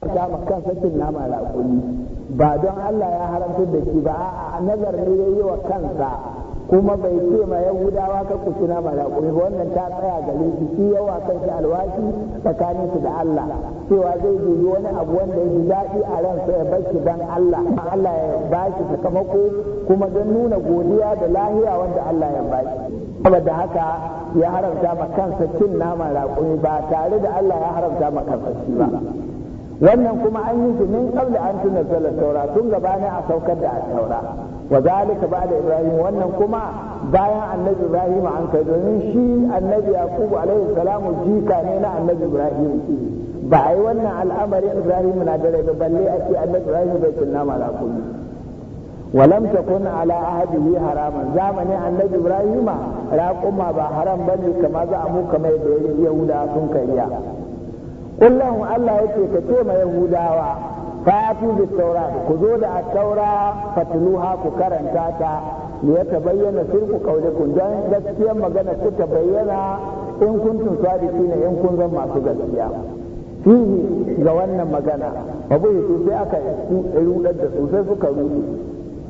ta kansa cin nama raƙumi ba don Allah ya haramta da shi ba a nazar ne ya yi wa kansa kuma bai ce ma yahudawa ka ku ci nama ba wannan ta tsaya gare shi shi yawa kan shi alwashi tsakanin su da Allah cewa zai dubi wani abu wanda ya ji daɗi a ransa ya bar shi don Allah Allah ya ba shi sakamako kuma don nuna godiya da lahiya wanda Allah ya ba shi saboda haka ya haramta ma kansa cin nama raƙumi ba tare da Allah ya haramta ma kansa shi ba wannan kuma an yi shi min qabli an tunzala taura tun gabani a saukar da taura wa zalika ba'da ibrahim wannan kuma bayan annabi ibrahim an kai domin shi annabi yaqub alaihi salamu jika ne na annabi ibrahim ba a yi wannan al'amarin ibrahim na dare ba balle a ce annabi ibrahim bai tunna mala kullu ولم تكن على عهده حراما زمن النبي ابراهيم راقما ba haram bane kama za a mu kamar da yahuda sun kariya kullum Allah yake ka ce ma Yahudawa fatu bi taura ku zo da taura fatluha ku karanta ta ne ya tabayyana sirku kaulikun don gaskiyar magana ku ta bayyana in kuntum sadiqina in kun zan masu gaskiya fihi ga wannan magana abu su sai aka rudar da su sai suka rudu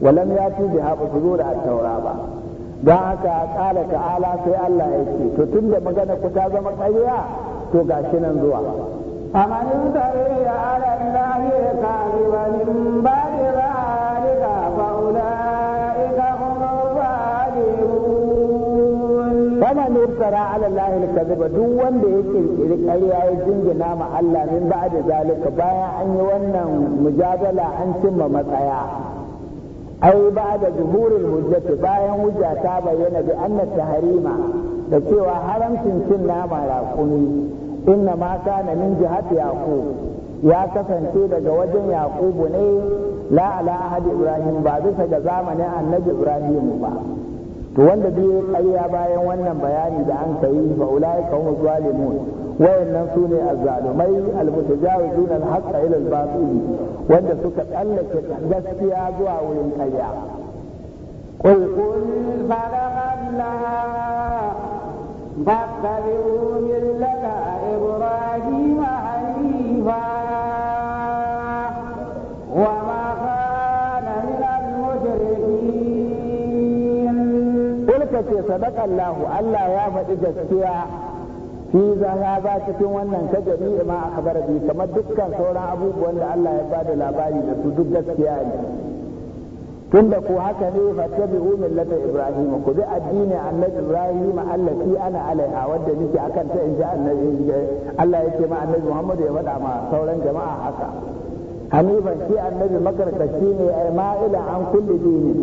walam ya fi da haɓa zo da taura ba don haka ƙala ta'ala sai Allah ya ce to tun da magana ku ta zama ƙarya to ga shi nan zuwa amanin tare ya ala lahi kaziba min ba'di zalika fa ulaika hum zalimun fama ne tsara ala lahi kaziba duk wanda ya kirkiri ƙarya ya jingina ma Allah min ba'di zalika bayan an yi wannan mujadala an cimma matsaya ai ba da zuhurin hujjati bayan hujja ta bayyana bi anna tahrima da cewa haramcin cin nama raƙumi inna ma kana min jihati yaqub ya kasance daga wajen yaqub ne la ala ahadi ibrahim ba bisa ga zamanin annabi ibrahim ba to wanda duk karya bayan wannan bayani da an kai fa ulai ka zalimun wayannan su ne azzalumai almutajawizuna alhaqqa ila albatil wanda suka tsallake gaskiya zuwa wurin ƙarya qul qul فاتبعوا ملة إبراهيم حنيفا وما suka ce sadakallahu Allah ya faɗi gaskiya fi ya ba cikin wannan ta jami'i ma aka bar bi kamar dukkan sauran abubuwan da Allah ya bada labari da su duk gaskiya ne tunda ku haka ne fattabi'u millata ibrahim ku bi addini annabi ibrahim allati ana alaiha wadda nake akan ta inji annabi Allah yake ma annabi Muhammadu ya faɗa ma sauran jama'a haka hanifan shi annabi makarkashi ne ai ma'ilan an kulli dini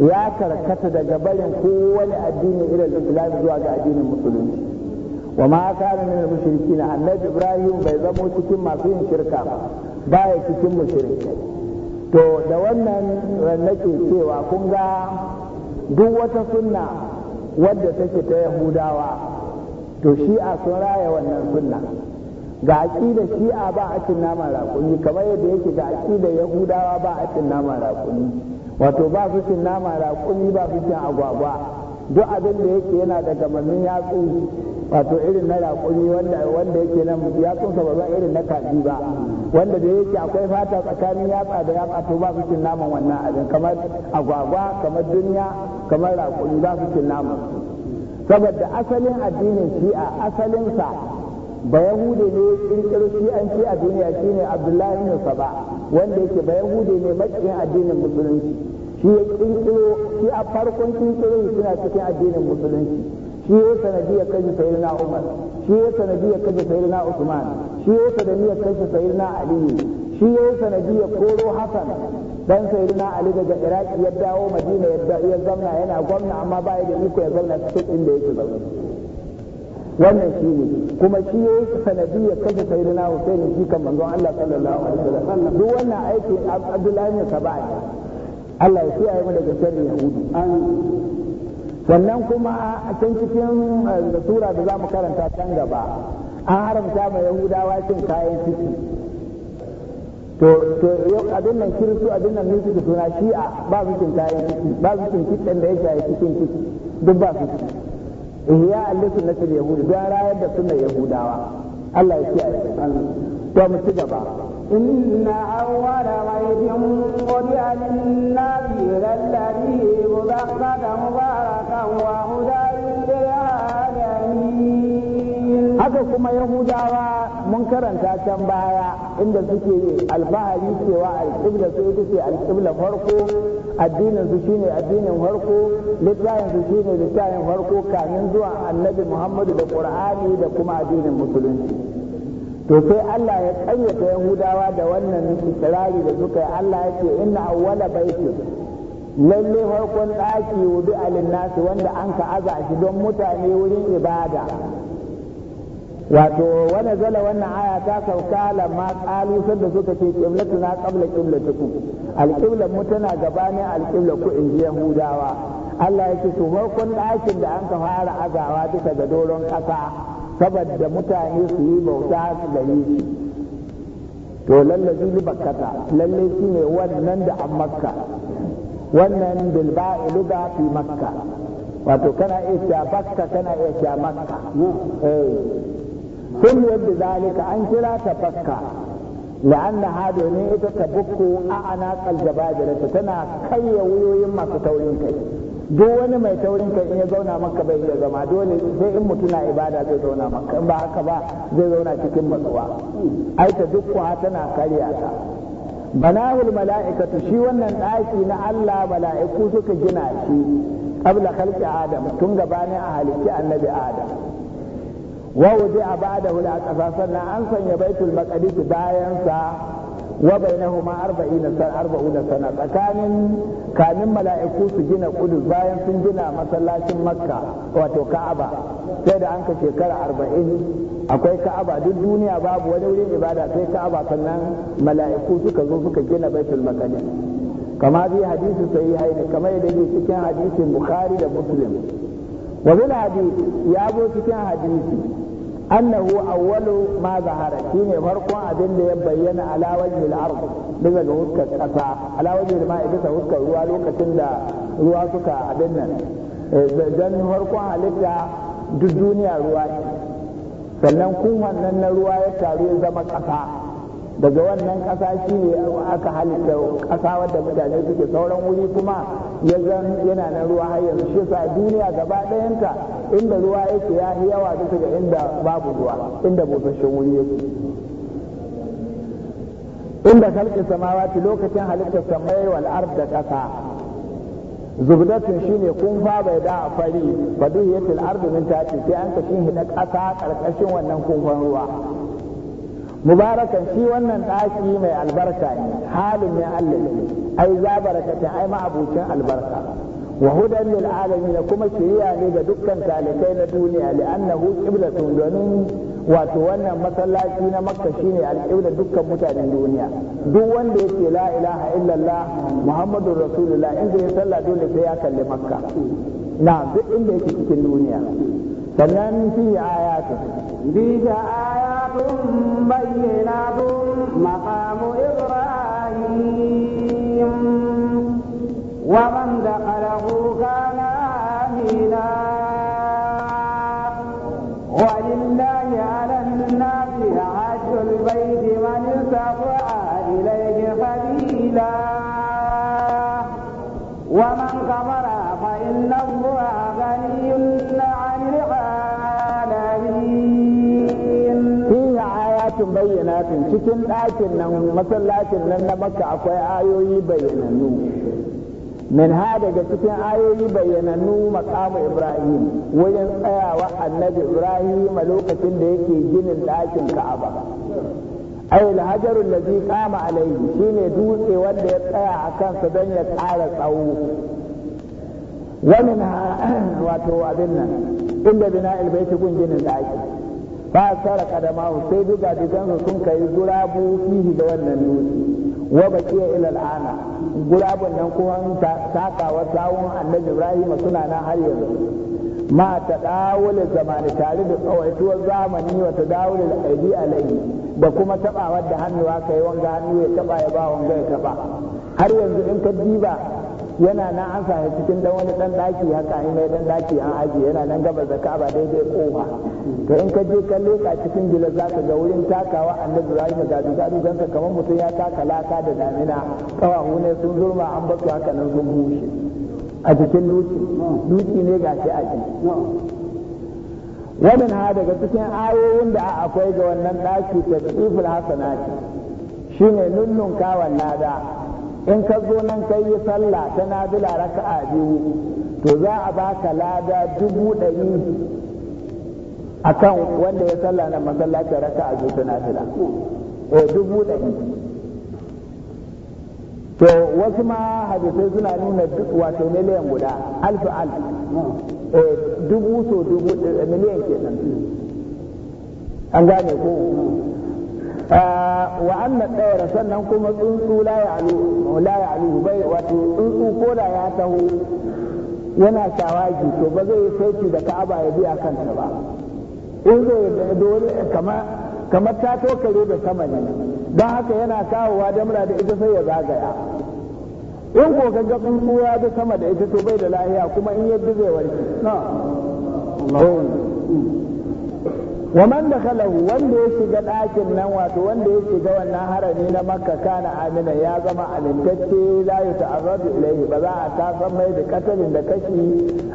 ya karkata daga barin kowane addini irin islam zuwa ga addinin musulunci wa ma kana min mushrikina annabi ibrahim bai zamo cikin masu yin shirka ba ya cikin mushrike to da wannan nake cewa kun ga duk wata sunna wadda take ta yahudawa to a sun raya wannan sunna ga shi a ba a cin naman rakuni kamar yadda yake ga aqida yahudawa ba a cin naman rakuni wato ba su cin nama raƙumi ba su cin agwagwa duk abin da yake yana da gamannin yatsu wato irin na raƙumi wanda wanda yake nan yatsunsa ba zan irin na kaji ba wanda da yake akwai fata tsakanin yatsa da yatsa to ba su cin naman wannan abin kamar agwagwa kamar duniya kamar raƙumi ba su cin naman saboda asalin addinin shi'a asalinsa ba yahude ne an ce a duniya shine abdullahi ibn saba wanda yake ba yahude ne makin addinin musulunci shi ya kirkiro shi a farkon kirkiro suna cikin addinin musulunci shi ya sanadiyar kashe sayyidina umar shi ya sanadiyar kashe sayyidina usman shi ya sanadiyar kashe sayyidina aliyu shi ya sanadiyar koro hasan dan sayyidina ali daga iraki ya dawo madina ya zamna yana gwamna amma ba ya da iko ya zauna cikin inda yake zaune wannan shi ne kuma shi ya yi sanadiyar kashe sayyidina Hussein shi kan manzo Allah sallallahu alaihi wasallam duk wannan aiki Abdullahi ne sabai Allah ya kiyaye mu daga sharrin Yahudu an wannan kuma a can cikin eh, sura da za mu karanta can gaba an haramta ma Yahudawa cin kayan ciki to to abin nan kiristo abin nan nufi da suna shi'a ba su cin kayan ciki ba su cin kitan da ya shaye cikin ciki duk ba su cin ya allisu na tul yahudi don rayar da sunan yahudawa Allah ya kiyaye to mu ci gaba inna awwala ghaibin qadi'a lin-nasi lalladhi mubarakatan mubarakan wa hudan haka kuma yahudawa mun karanta can baya inda suke alfahari cewa alƙibla su ita ce alƙibla farko addinin su shine addinin farko littafin su shine littafin farko kamin zuwa annabi muhammadu da qur'ani da kuma addinin musulunci to sai Allah ya ƙayyata yahudawa da wannan ikirari da suka yi Allah ya ce inna awwala baitin lalle farkon ɗaki wudu alinnasi wanda an ka aza shi don mutane wurin ibada wato wani zala wannan aya ta sauka lamma kalu sanda suka ce kiblatu na qabla ku alqibla mu tana gabanin alqibla ku in ji yahudawa Allah ya ce to farkon ɗakin da an ka fara azawa duka ga doron ƙasa saboda mutane su yi bauta su gani shi to zai li bakkata lalle shi ne wannan da an makka wannan bilba'i luga fi makka wato kana iya shafakka kana iya sha an kira سميت بذلك أنجلا تبكى لأنها دوني تبكو أعناق tana تنا wuyoyin masu taurin kai. duk wani mai taurin kai in ya zauna maka bai iya zama dole sai in mutum na ibada zai zauna maka in ba haka ba zai zauna cikin matsuwa aita duk kuwa tana karya ta banahul mala'ikatu shi wannan ɗaki na Allah mala'iku suka gina shi qabla khalqi adam tun gabanin a halicci annabi adam ba da ba'dahu a aqsa sannan an sanya baitul maqdis bayan sa wa bainahuma arba'ina sana arba'una sana tsakanin kamin mala'iku su gina kudus bayan sun gina masallacin makka wato ka'aba sai da an shekara arba'in akwai ka'aba duk duniya babu wani wurin ibada sai ka'aba sannan mala'iku suka zo suka gina baitul maqdis kama bi hadisi sahihaini kamar yadda cikin hadisin bukhari da muslim wa bil ya zo cikin hadisi annahu awwalu ma zahara shine farkon abin da ya bayyana ala wajhil ard daga ga huskar kasa ala ma ma'i bisa huskar ruwa lokacin da ruwa suka abin nan eh, dan farkon halitta duk duniya ruwa sannan kun wannan na ruwa ya taru ya zama kasa daga wannan kasa shi ne aka halitta kasa wadda mutane suke sauran wuri kuma ya zan yana na ruwa har yanzu shi sa duniya gaba ɗayanta inda ruwa yake ya fi yawa bisa ga inda babu ruwa inda busasshen wuri yake inda kalkin samawati lokacin halittar samai wal ard da ƙasa zubdatun shine kun fa bai da fari ya ardu min ce sai an kashin hida ƙasa ƙarƙashin wannan kunfan ruwa mubarakan shi wannan ɗaki mai albarka ne halin ne allah ai za barakata ai ma'abucin albarka wa hudan lil alamin kuma shiriya ne ga dukkan talibai na duniya li annahu qiblatun domin wato wannan masallaci na makka shine alƙibla dukkan mutanen duniya duk wanda yake la ilaha illallah muhammadur rasulullah inda ya sallah dole sai ya kalli makka na duk inda yake cikin duniya sannan fi ayatu bi ga ayatun makamu maqamu ibrahim wa man dakhalahu kana amina wa lillahi ala an-nasi hajjul bayti man istata'a ilayhi sabila wa man kafara ayatin cikin ɗakin nan masallacin nan na maka akwai ayoyi bayyanannu min ha daga cikin ayoyi bayyanannu maqamu ibrahim wajen tsayawa annabi ibrahim a lokacin da yake ginin ɗakin ka'aba ay alhajarul ladhi qama shi shine dutse wanda ya tsaya a kansa don ya ƙara tsawo wani na wato abin nan inda bina ilbaiti gun ginin ɗakin Ba sara kadamahu sai dukan su sun kai gurabu fihi da wannan dutse wa baqiya ila al'ana gurabun nan ko an takawa sawun annabi ibrahim suna nan har yanzu ma ta dawul zamani tare da tsawaituwar zamani wa ta dawul al'aidi alaihi da kuma tabawar da hannuwa kai wanga hannu ya taba ya ba wanga ya taba har yanzu in ka diba yana nan an sa cikin dan wani dan daki haka in mai dan daki an aji yana nan gaba zaka ba daidai kofa to in ka je ka leka cikin gila zaka ga wurin takawa annabi Ibrahim ga dugaru dan ka kamar mutum ya taka laka da damina kawahu ne sun zurma an basu haka nan sun bushe a cikin duki duki ne shi a cikin wannan ha daga cikin ayoyin da akwai ga wannan daki tasiful hasanati shine nunnun kawan lada in ka zo nan ka yi sallah ta nafila raka'a biyu to za a ba ka lada dubu ɗari a kan wanda ya sallah na masallaci a biyu ta nafila eh dubu ɗari to wasu ma hadisai suna nuna duk wato miliyan guda alfi alf eh dubu so dubu eh, miliyan ke nan an gane ko wa anna sannan kuma tsuntsu la ya'lu bai wato tsuntsu ko da ya taho yana shawagi to ba zai sauki da ka'aba ya biya kanta ba in zai dole kamar kamar ta da sama ne don haka yana kawowa damra da ita sai ya zagaya in ko ka ga tsuntsu ya bi sama da ita to bai da lahiya kuma in yadda zai warke wa man dakhalahu wanda ya shiga ɗakin nan wato wanda ya shiga wannan harami na makka kana amina ya zama amintacce la yuta'arradu ilayhi ba za a tasan mai da katalin da kashi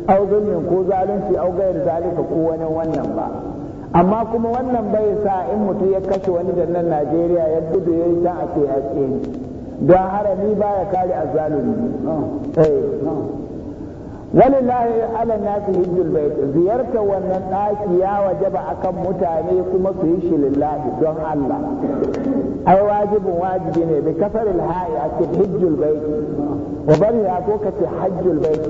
au zulmin ko zalunci au gairu zalika ko wani wannan ba amma kuma wannan bai sa in mutum ya kashe wani da nan Najeriya ya gudu ya yi ta a ce don harami baya kare azzalumi eh. walillahi ala nasi hijjul bait ziyarta wannan ɗaki ya wajaba akan mutane kuma suyi yi shi don Allah ai wajibin wajibi ne bi kasar alha'i a cikin hijjul bait wa bari ya ko ka ce hajjul bait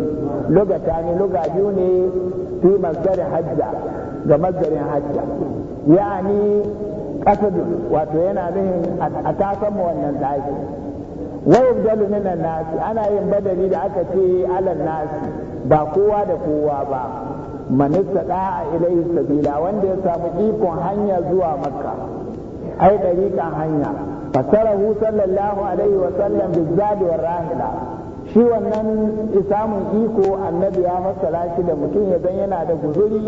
lugata ne luga biyu ne fi mazdarin hajja ga mazdarin hajja yani wato yana nufin a tasan wannan ɗaki wayan jalu minan nasi ana yin badali da aka ce alan nasi ba kowa da kowa ba manista da'a ilai sabila wanda ya samu ikon hanya zuwa makka ai dariƙan hanya fasarahu sallallahu alaihi wa sallam bizzadi wa rahila shi wannan samun iko annabi ya fassara shi da mutum ya zan yana da guzuri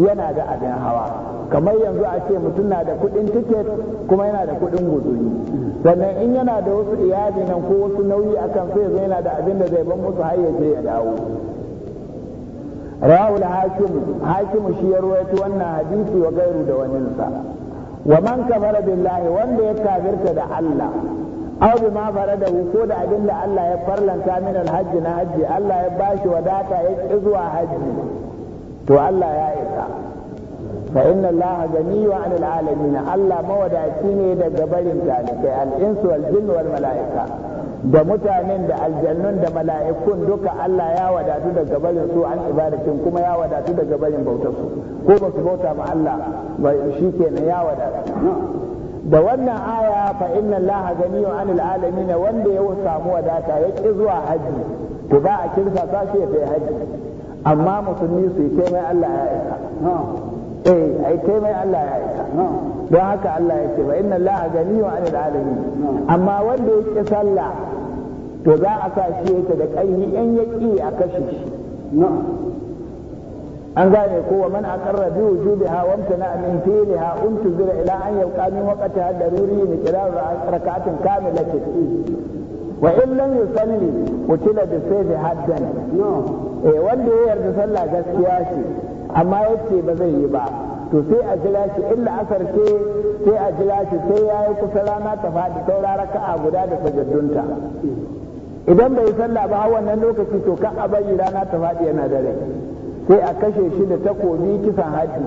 yana da abin hawa kamar yanzu a ce mutum na da kuɗin tiket kuma yana da kuɗin guzuri sannan in yana da wasu iyali nan ko wasu nauyi akan sai ya yana da abin da zai ban musu har ya je ya dawo Rahul hakim hakim shi ya ruwaito wannan hadisi wa gairu da waninsa wa man kafara billahi wanda ya kafirta da Allah aw bi ma hu ko da abin da Allah ya farlanta min alhaji na hajji Allah ya bashi wadata ya ki zuwa hajji to Allah ya isa fa inna Allah ganiyyu 'anil alalamin Allah mawadaci ne daga barin talibai al-insu wal jinni wal mala'ika da mutanen da aljannun da mala'ikun duka Allah ya wadatu daga barin su an ibadatin kuma ya wadatu daga barin bautar su ko ba su bauta ma Allah ba shi kenan ya wadatu da wannan aya fa inna Allah ganiyun anil alamin wanda ya samu wadata ya ki zuwa haji to ba a kirsa sa shi ya kai haji amma musulmi su yi mai Allah ya aika eh ai kai mai Allah ya aika don haka Allah ya ce fa inna Allah ganiyun anil alamin amma wanda ya ki sallah to za a sa shi yake da ƙarfi in ya ki a kashe shi an gane ko wa man aqarra bi wujubiha wa amtana min fi'liha untuzira um ila an yabqa min waqtiha daruri ni qira'a rak'atin kamilatin wa in lam yusalli utila bi sayfi haddan eh wanda ya yarda sallah gaskiya ce amma yace ba zai yi ba to sai a jira shi illa asar ke sai a jira shi sai yayi kusa rana ta faɗi saura raka'a guda da sajaddunta idan bai sallah ba wannan lokaci to kan a bari rana ta faɗi yana da rai sai a kashe shi da takobi kisan haji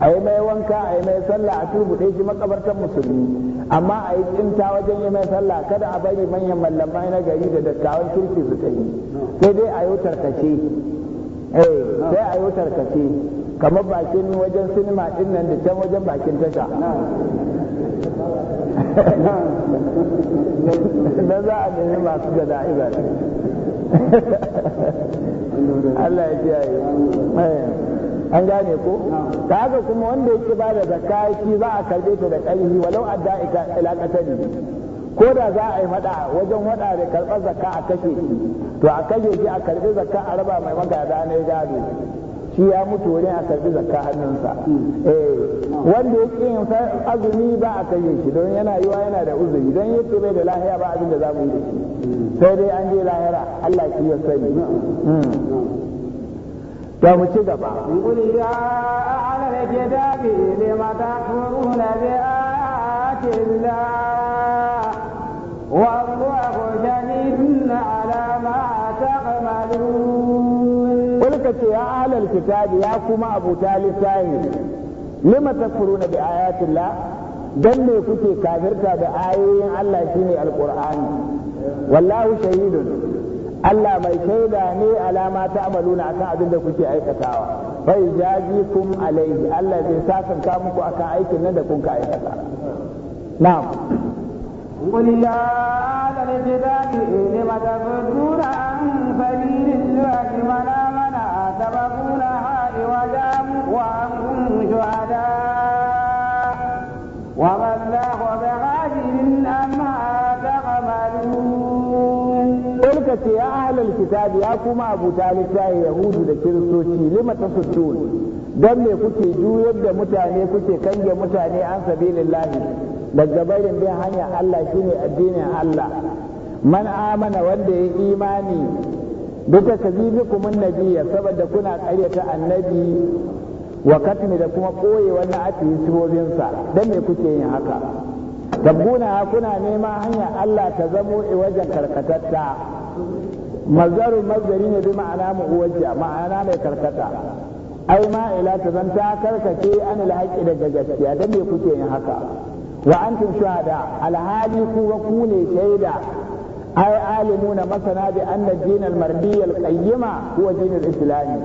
a yi mai wanka a yi mai sallah a turbuɗe shi makabartar musulmi amma a yi tsinta wajen yi mai sallah kada a bari manyan mallamai na gari da dattawan kirki su ta yi sai dai a yi tarkace eh, sai a yi tarkace kamar bakin wajen sinima ɗin nan da can wajen bakin tasha na za a nemi masu da da'izar Allah ya kiyaye eh, an gane ko ta kuma wanda yake ba da zakka shi za a karbe ta da ƙarfi walau adda ila qatali ko da za a yi fada wajen wada da karɓar zakka a kashe to a kashe shi a karbe zakka a raba mai magada na gado shi ya mutu wani a karbi zakka hannunsa eh, wanda ya ƙi azumi ba a kashe shi don yana yiwa yana da uzuri don yake bai da lahiya ba abinda za mu yi da shi sai dai an je lahira Allah shi ya sani hmm. to mu ci gaba qul ya ce ya ahlal kitabi ya kuma abu littafi lima na bi ayatillah dan me kuke kafirta da ayoyin Allah shine alqur'ani wallahu shahidun Allah mai shaida ne alama ta amaluna akan abin da kuke aikatawa bai jazikum alaihi Allah zai sasanta muku akan aikin nan da kun ka aikata na'am وما الله بغافل عما ya قلت يا kuma abu يا كما أبو تالي يهود لكرسوتي لما تصدون don me kuke juyar da mutane kuke kange mutane an sabilillahi daga barin bin hanyar Allah ne addinin Allah man amana wanda ya imani duka kazibi kumun nabiya saboda kuna karyata annabi wa da kuma koye wannan atihi sibobinsa dan me kuke yin haka tabbuna kuna nema hanyar Allah ta zamo i wajen karkatatta mazaru mazari ne bi ma'ana muwajja ma'ana mai karkata ai ma ila ta zanta karkace an alhaqi daga gaskiya dan me kuke yin haka wa antum shuhada alhali ku wa ku ne shaida ai alimuna masana bi anna dinal mardiyal qayyima huwa dinul islami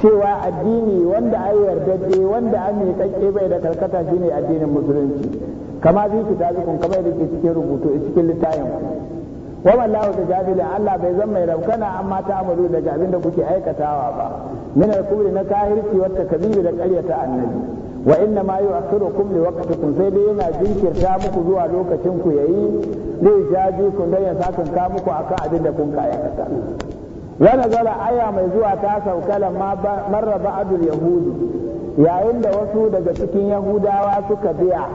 cewa addini wanda ai yardadde wanda an miƙaƙƙe bai da karkata shine addinin musulunci kama ta kitabikum kama yadda ke cikin rubutu cikin littafin ku wa wallahu tajadila Allah bai zan mai raukana amma ta amalu daga abin da kuke aikatawa ba min al-kubri na kahirci wa Kabiru da ƙaryata annabi wa inna ma yu'akhirukum wakati kun sai dai yana jinkirta muku zuwa lokacin ku yayi zai jaji kun don ya sa ka muku akan abin da kun ka wani zala aya mai zuwa ta saukala marra ba'adul yahudi yayin da wasu daga cikin yahudawa suka biya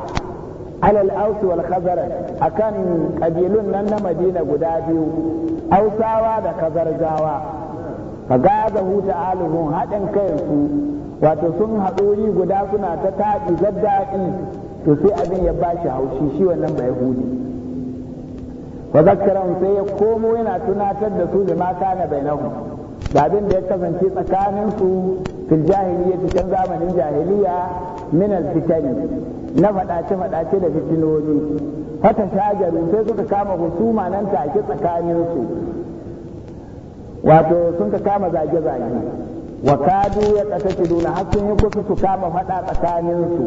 alal ausu wal khazar akan kabilun nan na madina guda biyu ausawa da Kazar-zawa, khazarjawa fagaza hu ta'aluhum haɗin kayansu wato sun haɗuri guda suna ta taɗi zaddaɗi to sai abin ya bashi haushi shi wannan ba yahudi wa zakkarahum sai ya komo yana tunatar da su mata kana bainahu da abin da ya kasance tsakaninsu su fil jahiliya cikin zamanin jahiliya min al fitani na fadace fadace da fitinoni fata shajaru sai suka kama husuma nan take tsakanin su wato sun ka kama zage zage wa kadu ya katatiduna har sun yi kusa su kama fada tsakaninsu.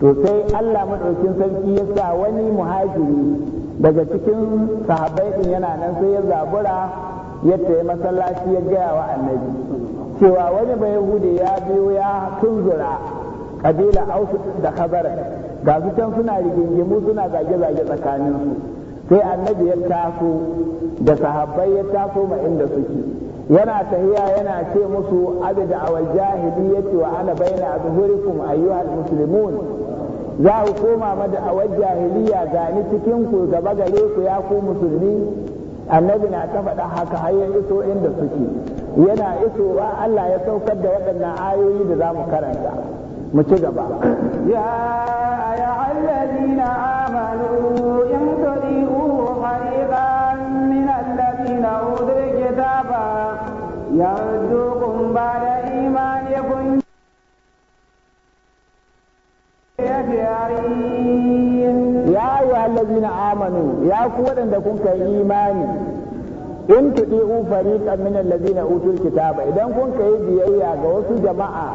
su to sai Allah madaukin sarki ya sa wani muhajiri daga cikin sahabbai din yana nan sai ya zabura ya tayi masallaci ya gaya wa annabi cewa wani bai yahudi ya biyo ya tunzura kabila aus da khabar ga su can suna rigingimu suna zage-zage tsakanin su sai annabi ya taso da sahabbai ya taso ma inda suke yana tahiya yana ce musu abida awal jahili yace wa ana a azhurikum ayyuhal muslimun za ku koma mada awar jahiliya gani cikin ku gaba gare ku ya ku musulmi annabi na ta faɗa haka har ya iso inda suke yana isowa Allah ya saukar da waɗannan ayoyi da za mu karanta mu ci gaba ya ya alladina amanu in tudiu min alladina ya yi wallazi na amanu ya ku waɗanda kun yi imani in tuɗi ufari fariƙan min allazi na utul kitaba idan kun kai biyayya ga wasu jama'a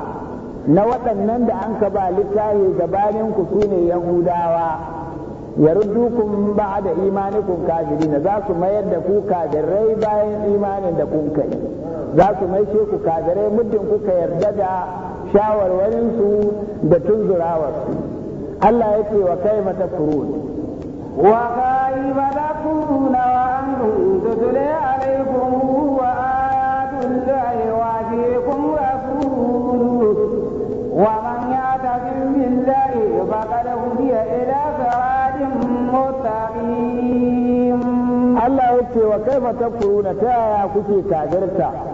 na waɗannan da an ka ba littafi gabanin ku su ne yahudawa yaruddukum ba'da imanikum na za su mayar da ku kafirai bayan imanin da kun kai za su maishe ku kafirai muddin kuka yarda da shawarwarinsu da tunzurawarsu Allah ya ce wa kai mata kurun wa kai mata kurun wa an tutule alaikum wa ayatul lahi wa fiikum rasuluhu wa man ya'tasim billahi hudu ya ila siratin mustaqim Allah ya ce wa kai mata kurun ta yaya kuke kafirta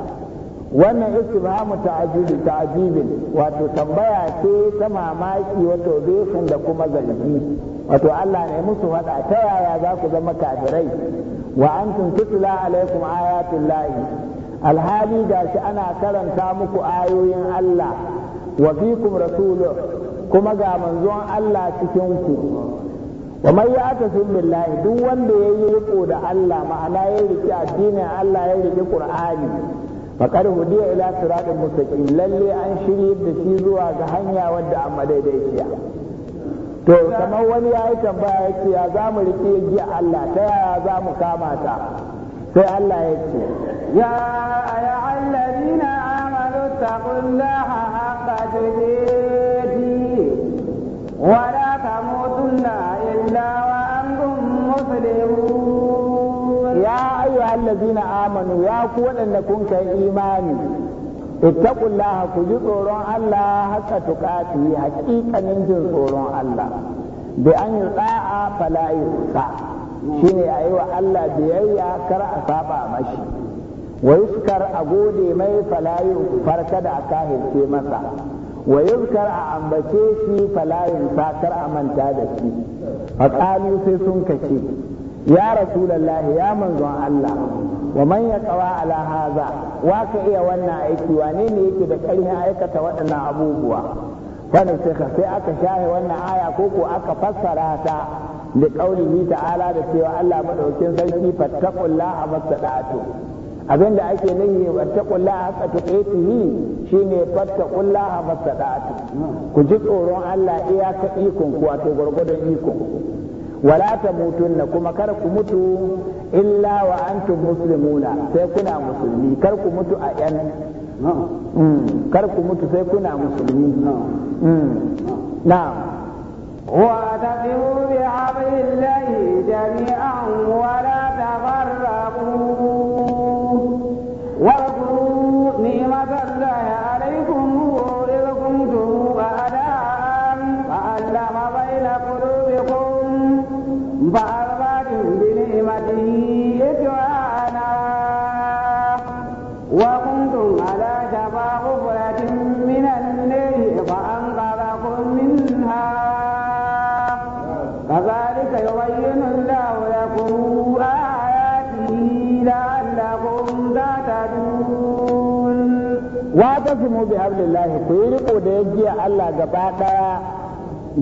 wannan istibhamu ta'jibi ta'jibin wato tambaya ce ta mamaki wato zai da kuma zargi wato Allah ne musu faɗa ta yaya za ku zama kafirai wa antum tutla alaikum ayatul lahi alhali shi ana karanta muku ayoyin Allah wa fikum rasuluhu kuma ga manzon Allah cikin ku wa man ya'tasim billahi duk wanda yayi riko da Allah ma'ana ya riki addinin Allah ya riki Qur'ani faƙar ya ila siratun mustaqim lalle an shirye da shi zuwa ga hanya wadda an madaidaiciya to kamar wani ya yi tambaya ya ce ya za mu rike giya Allah ta yaya za mu kama ta sai Allah ya ce ya ya allazina amanu taqullaha haqqa tuqatih wa allazina amanu ya ku waɗanda kun kai imani ittaqullaha ku ji tsoron Allah haka tuqati haƙiƙanin jin tsoron Allah bi an yuta'a fala yusa shine ayi wa Allah biyayya kar a saba mashi wa yuskar a gode mai fala farka da aka hirce masa wa yuzkar a ambace shi fala yusa kar a manta da shi faqalu sai sun kace ya rasulallahi ya manzon Allah wa man ya a ala haza wa ka iya wannan aiki wane ne yake da karhin aikata waɗannan abubuwa wannan sai sai aka shahe wannan aya ko ko aka fassara ta da kaulihi ta'ala da cewa Allah madaukin sarki fattaqullaha mastada'atu abinda ake nufi fattaqullaha haqqa tuqatihi shine fattaqullaha mastada'atu ku ji tsoron Allah iyaka ikon ku wato gurgurdan ikon wala ta tamutunna kuma kar ku mutu illa wa antum muslimuna sai kuna musulmi kar ku mutu a yan mm, kar ku mutu sai kuna musulmi mm, na'am wa taqimu bi amrillahi jami'an wa la tafarraqu ba arbaɗin bi ni'matihi ikwana wa kuntum ala shafa ghufratin min an-nari fa anqadhakum minha kadhalika yubayyinu Allahu lakum ayatihi la'allakum tahtadun wa tasmu bi hablillahi kuyi riko da yajiya Allah gaba daya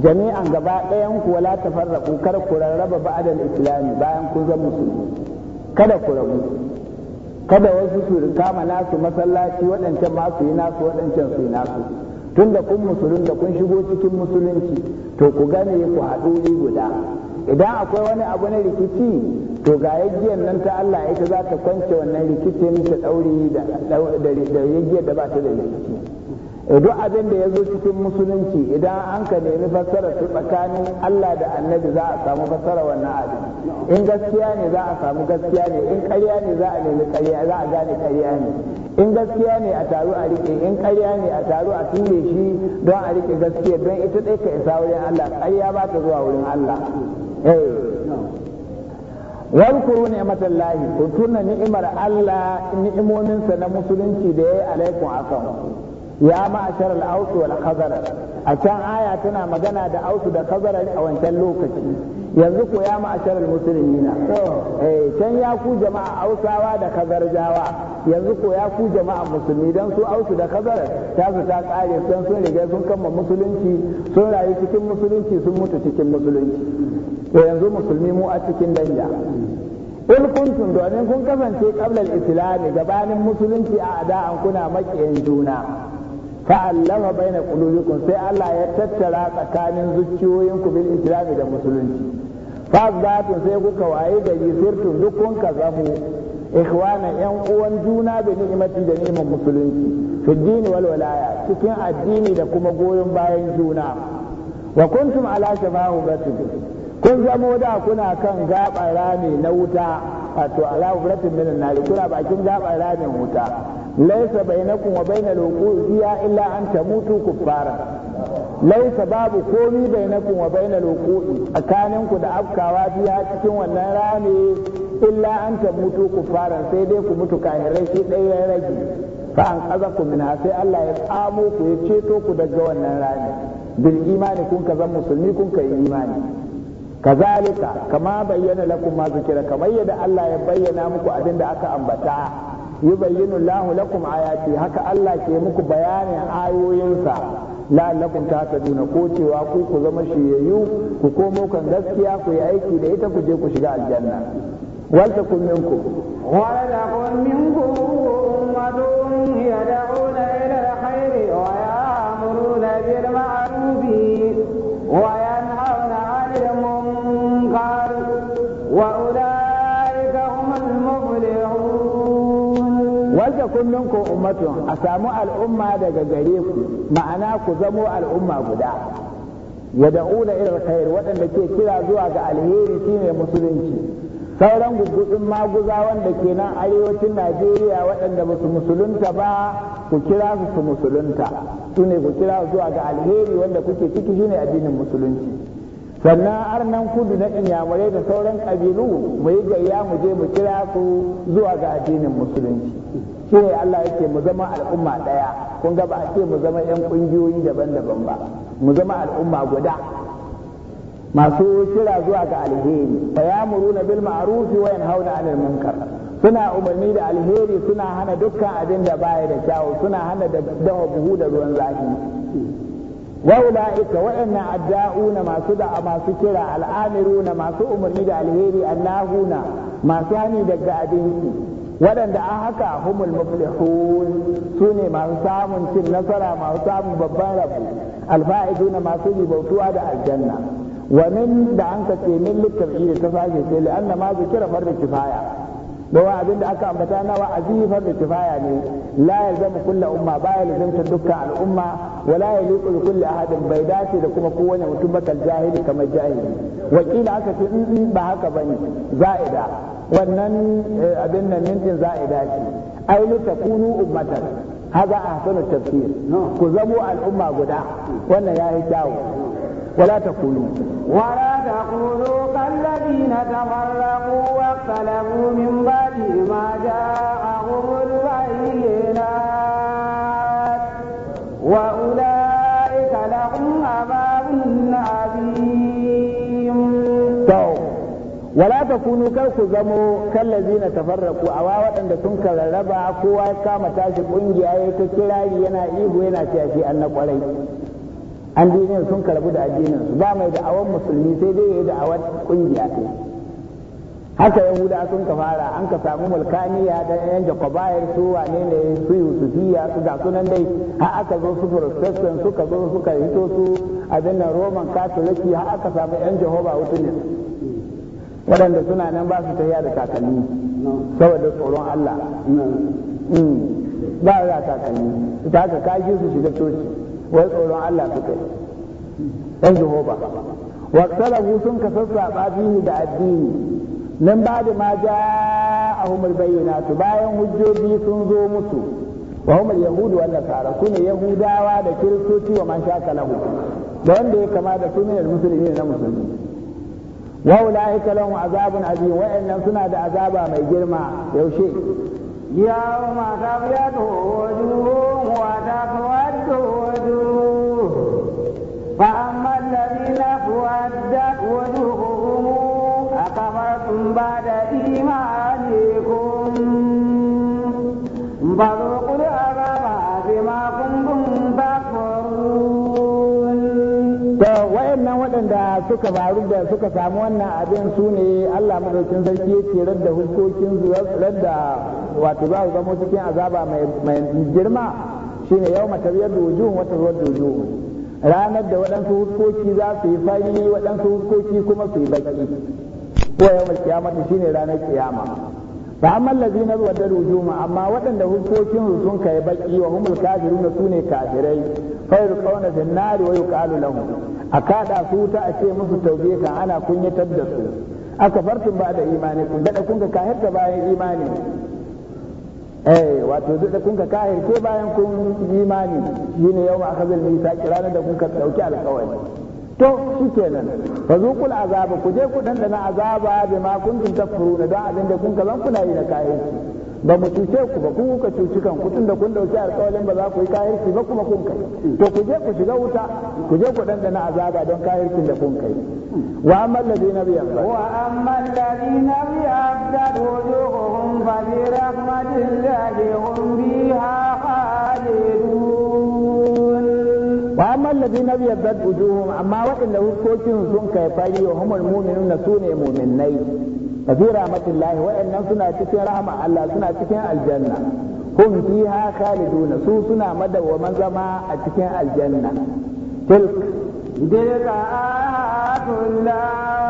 jami'an gaba ɗayan ku wala tafarraqu kar ku rarraba ba'dal islami bayan kun zama musulmi kada ku rabu kada wasu su kama nasu masallaci waɗancan ma su yi nasu waɗancan su yi nasu tun kun musulun da kun shigo cikin musulunci to ku gane ku haɗu guda idan akwai wani abu na rikici to ga yaggiyar nan ta Allah ita za ta kwance wannan rikicin ta ɗauri da yaggiyar da ba ta da rikici duk abin da ya zo cikin musulunci idan an ka nemi fassara su tsakanin Allah da annabi za a samu fassara wannan abin in gaskiya ne za a samu gaskiya ne in ƙarya ne za a nemi ƙarya za a gane ƙarya ne in gaskiya ne a taru a rike in ƙarya ne a taru a ture shi don a rike gaskiya don ita dai ka isa wurin Allah ƙarya ba ta zuwa wurin Allah واذكروا eh. ku tuna ni'imar Allah ni'imomin sa na musulunci da yayi alaikum akan ya ma'ashar al-aus wal a can aya tana magana da aus da khazraj a wancan lokaci yanzu ko ya ma'ashar al-muslimina eh can ya ku jama'a ausawa da khazarjawa yanzu ko ya ku jama'a musulmi dan su aus da khazraj ta su ta kare sun sun riga sun kama musulunci sun rayu cikin musulunci sun mutu cikin musulunci to yanzu musulmi mu a cikin danja in kuntum domin kun kasance qabla islami gabanin musulunci a ada'an kuna maƙiyan juna fa'allama baina qulubikum sai Allah ya tattara tsakanin zuciyoyinku bil islami da musulunci fa sai kuka waye da sirtum duk kun ka zamo ikhwana yan uwan juna da ni'imati da ni'imar musulunci fi dini wal walaya cikin addini da kuma goyon bayan juna wa kuntum ala shabahu kun zamo da kuna kan gaɓar rami na wuta wato ala ubratin minan nari kuna bakin gaɓa ramin wuta laisa bainakum wa bainal wuqu'iha illa an tamutu kuffara laisa babu komi bainakum wa bainal wuqu'i tsakaninku da afkawa biya cikin wannan rami illa an tamutu kuffaran sai dai ku mutu kahirai shi dai ya rage fa an qazaku minha sai Allah ya tsamo ku ya ceto ku daga wannan rami bin imani kun ka zan musulmi kun ka imani kazalika kama bayyana lakum ma zikira kamar yadda Allah ya bayyana muku abinda aka ambata yubayyinu Allahu lakum ayati haka Allah ke muku bayanin ayoyinsa la'allakum tahtaduna ko cewa ku ku zama shiyayyu ku komo kan gaskiya ku yi aiki da ita ku je ku shiga aljanna wal takum minkum wa la'akum wa takun minkum ummatun a samu al'umma daga gare ku ma'ana ku zamo al'umma guda yad'una ila alkhair waɗanda ke kira zuwa ga alheri shine musulunci sauran gududin maguza wanda ke nan arewacin Najeriya waɗanda ba su musulunta ba ku kira su su musulunta shine ku kira zuwa ga alheri wanda kuke ciki shine addinin musulunci sannan arnan kudu na inyamurai da sauran kabilu, mu yi gayya mu je mu kira su zuwa ga addinin musulunci shi ne Allah yake mu zama al'umma ɗaya kun ga ba a ce mu zama 'yan ƙungiyoyi daban-daban ba mu zama al'umma guda masu kira zuwa ga alheri fa na bil ma'ruf wa yanhauna 'anil munkar suna umarni da alheri suna hana dukkan abin da baya da kyawu suna hana da dawa buhu da ruwan zafi wa'ula'ika wa'annan adda'una masu da masu kira al'amiruna masu umarni da alheri na masu hani daga abinci waɗanda an haka humul muflihun su ne masu samun cin nasara masu samun babban rabu alfa'idu na masu ribautuwa da aljanna wa min da an kace min da ta sake ce li'anna ma zikira farda kifaya dawa abin da aka ambata na wa'azi da kifaya ne la yalzamu kullu umma ba ya lazimta dukkan al'umma wa la yaliqu kulle kulli ahadin bai dace da kuma kowane mutum ba kal jahili kamar jahili wakila aka ce in mm, mm, ba haka bane za'ida wannan eh, abin nan mintin za'ida ce ai li takunu ummatan haza ahsanu tafsir ku zamo al'umma guda wannan yayi kyawu ولا تقولوا ولا تقولوا كالذين تفرقوا واختلفوا من بعد ما جاءهم البينات واولئك لهم عذاب عظيم ولا تكونوا كالكزمو كالذين تفرقوا أوا وأن تنكر ربع كوا كما تاشي قنجي آية كيراري ينا إيه وينا تاشي أنك عليه an sun karbu da addinin su ba mai da'awan musulmi sai dai yayi da'awar kungiya ce haka yahuda sun ka fara an ka samu mulkaniya da yan jakobayar su wane ne su yusufiya su ga sunan dai har aka zo su protestan suka zo suka hito su a nan roman katoliki har aka samu yan jehova wutulin waɗanda suna nan ba su tafiya da kakanni saboda tsoron allah hmm. ba za kakanni ta haka kaji su shiga coci wai tsoron Allah suka yi ɗan Jehova waktalafu sun ka sassaɓa bihi da addini nan ba da ma ja a humul bayan hujjoji sun zo musu wa yahudu wannan nasara su ne yahudawa da kiristoci wa man shaka lahu da wanda ya kama da su ne musulmi na musulmi wa ulaika lahum azabun azim wa'annan suna da azaba mai girma yaushe yawma tabyadu wujuhum wa kawai? فأما الذين فودت وجوههم أكفرتم بعد إيمانكم فذوقوا العذاب بما كنتم waɗanda suka faru da suka samu wannan abin su ne Allah madaukin sarki yake radda hukokin su radda wato za su zama cikin azaba mai girma shine biyar da wujuhun zuwa da wujuhun ranar da waɗansu hukoki za su yi fari waɗansu hukoki kuma su yi baki ko yau kiyama qiyamati shine ranar kiyama fa amma zuwa da wujuhun amma waɗanda hukokin su sun kai baki wa humul kafirun sune kafirai fa yurqawna fin nari wa yuqalu lahum kaɗa su ta ce musu taubiya kan ana kunyatar da su aka fartun ba da imani kun dada kun ga kahirta bayan imani eh wato duk da kun ka ke bayan kun imani ne yau ma zai nisa ranar da kun ka dauki alƙawari to ba fa zuqul azaba ku je ku dandana azaba bima kuntum tafuruna don da kun ka zan kuna yi na kahirci ba mu cuce ku ba kun kuka cuci kan ku da kun dauki alƙawarin ba za ku yi kayarki ba kuma kun kai to ku je ku shiga wuta ku je ku dandana azaba don kayarkin da kun kai wa amma alladhina bi yaqba wa amma alladhina bi yaqba wujuhum fa bi rahmatillahi hum biha khalidun wa amma alladhina bi yaqba wujuhum amma waɗanda hukokin sun kai fari wa humul mu'minuna sune mu'minai na fi rahmatillahi wa'annan suna cikin rahama Allah suna cikin aljanna hum fiha khaliduna su suna madawwaman zama a cikin aljanna tilk tilka ayatullah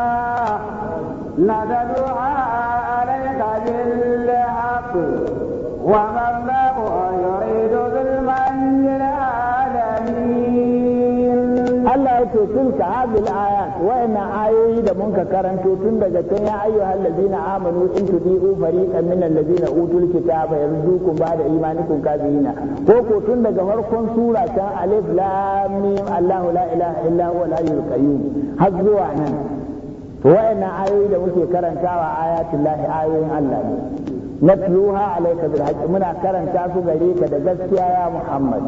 ce tilka ayoyi da mun ka karanto tun daga can ya ayyuhal ladina amanu in tudiu fariqan min alladina utul kitaba yarzukum ba'da imanikum kafirina ko ko tun daga farkon sura ta alif lam mim Allahu la ilaha illa huwa al-hayyul qayyum har zuwa nan wa'anna ayoyi da muke karantawa ayatullahi ayoyin Allah ne natluha alayka bil haqq muna karanta su gare ka da gaskiya ya Muhammad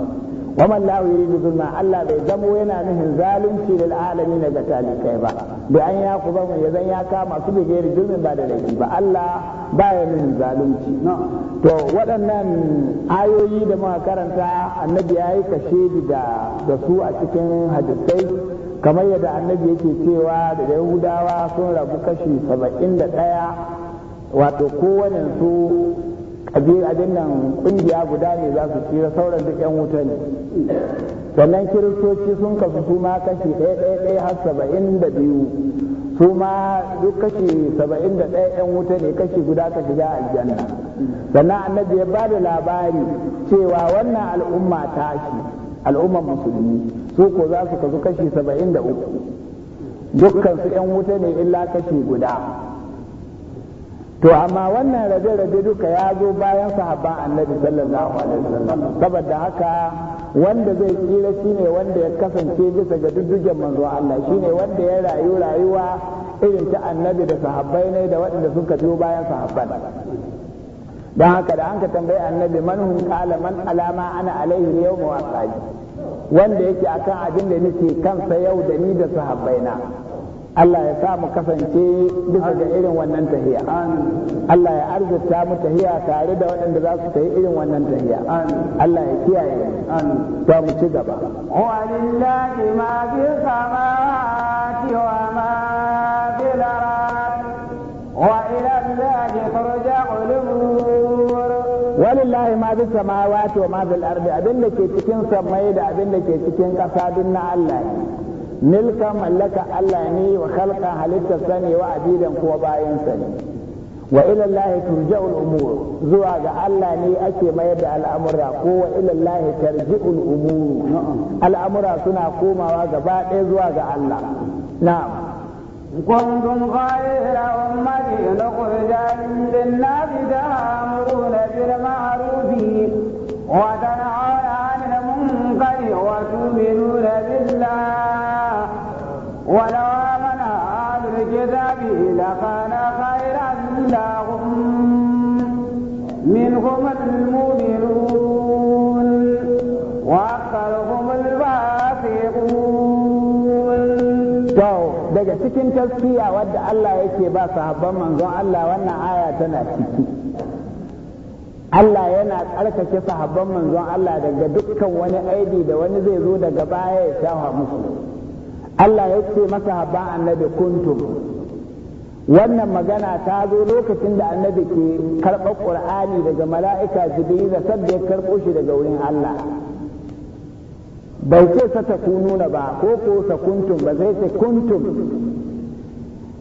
wa man la yuridu zulma Allah bai zamo yana nufin zalunci lil alamin ga talikai ba da an ya ku zama yazan ya masu su da gairi zulmin ba da laifi ba Allah ba ya zalunci to waɗannan ayoyi da muka karanta annabi ya yi kashe da da su a cikin hadisai kamar yadda annabi yake cewa da yahudawa sun rabu kashi saba'in da ɗaya wato kowanensu kabila abin nan kungiya guda ne za su tsira sauran duk yan wuta ne sannan kiristoci sun kasu su ma kashi ɗaya ɗaya ɗaya har saba'in da biyu su ma duk kashi saba'in da ɗaya yan wuta ne kashi guda ka shiga aljanna sannan annabi ya ba da labari cewa wannan al'umma tashi al'umman musulmi su ko za su kasu kashi saba'in da uku dukkan su yan wuta ne illa kashi guda to amma wannan rabe-rabe duka ya zo bayan sahabban annabi sallallahu alaihi wasallam saboda haka wanda zai tsira shine wanda ya kasance bisa ga dukkan manzo Allah shine wanda ya rayu rayuwa irin ta annabi da sahabbai ne da waɗanda suka zo bayan sahabban don haka da an tambayi annabi man hum qala man alama ana alaihi yawma wa wanda yake akan abin da nake kansa yau da ni da sahabbaina Allah ya samu kasance bisa ga irin wannan tahiya Allah ya arzuta mu tahiya tare da waɗanda za su tahi irin wannan tahiya Allah ya kiyaye ta mu ci gaba walillahi ma fi samawati wa ma fil ard wa ila allahi turja'ul umur walillahi ma fi samawati wa ma fil ard abinda ke cikin samai da abinda ke cikin ƙasa duk na Allah milka mallaka Allah ne wa khalqa halitta sani wa abidan kuma bayan sani wa ila Allah turja'ul umur zuwa ga Allah ne ake mayar da al'amura ko wa ila Allah tarji'ul umur al'amura suna komawa gaba ɗaya zuwa ga Allah na'am كنتم خير أمة أخرجت للناس تأمرون بالمعروف وتنهون عن المنكر وتؤمنون بالله ولو آمن أهل الكتاب لكان خيرا لهم منهم المؤمنون وأكثرهم الفاسقون daga cikin taskiya wadda Allah الله يكي باسا manzon Allah الله وانا tana ciki Allah yana tsarkake sahabban manzon Allah daga dukkan wani aidi da wani zai zo daga baya ya shafa musu Allah ya ce masa ba annabi kuntum wannan magana ta zo lokacin da annabi ke karɓar ƙur'ani daga mala'ika jibril da sabda ya karɓo shi daga wurin Allah bai ce sa ta ba ko ko sa kuntum ba zai ce kuntum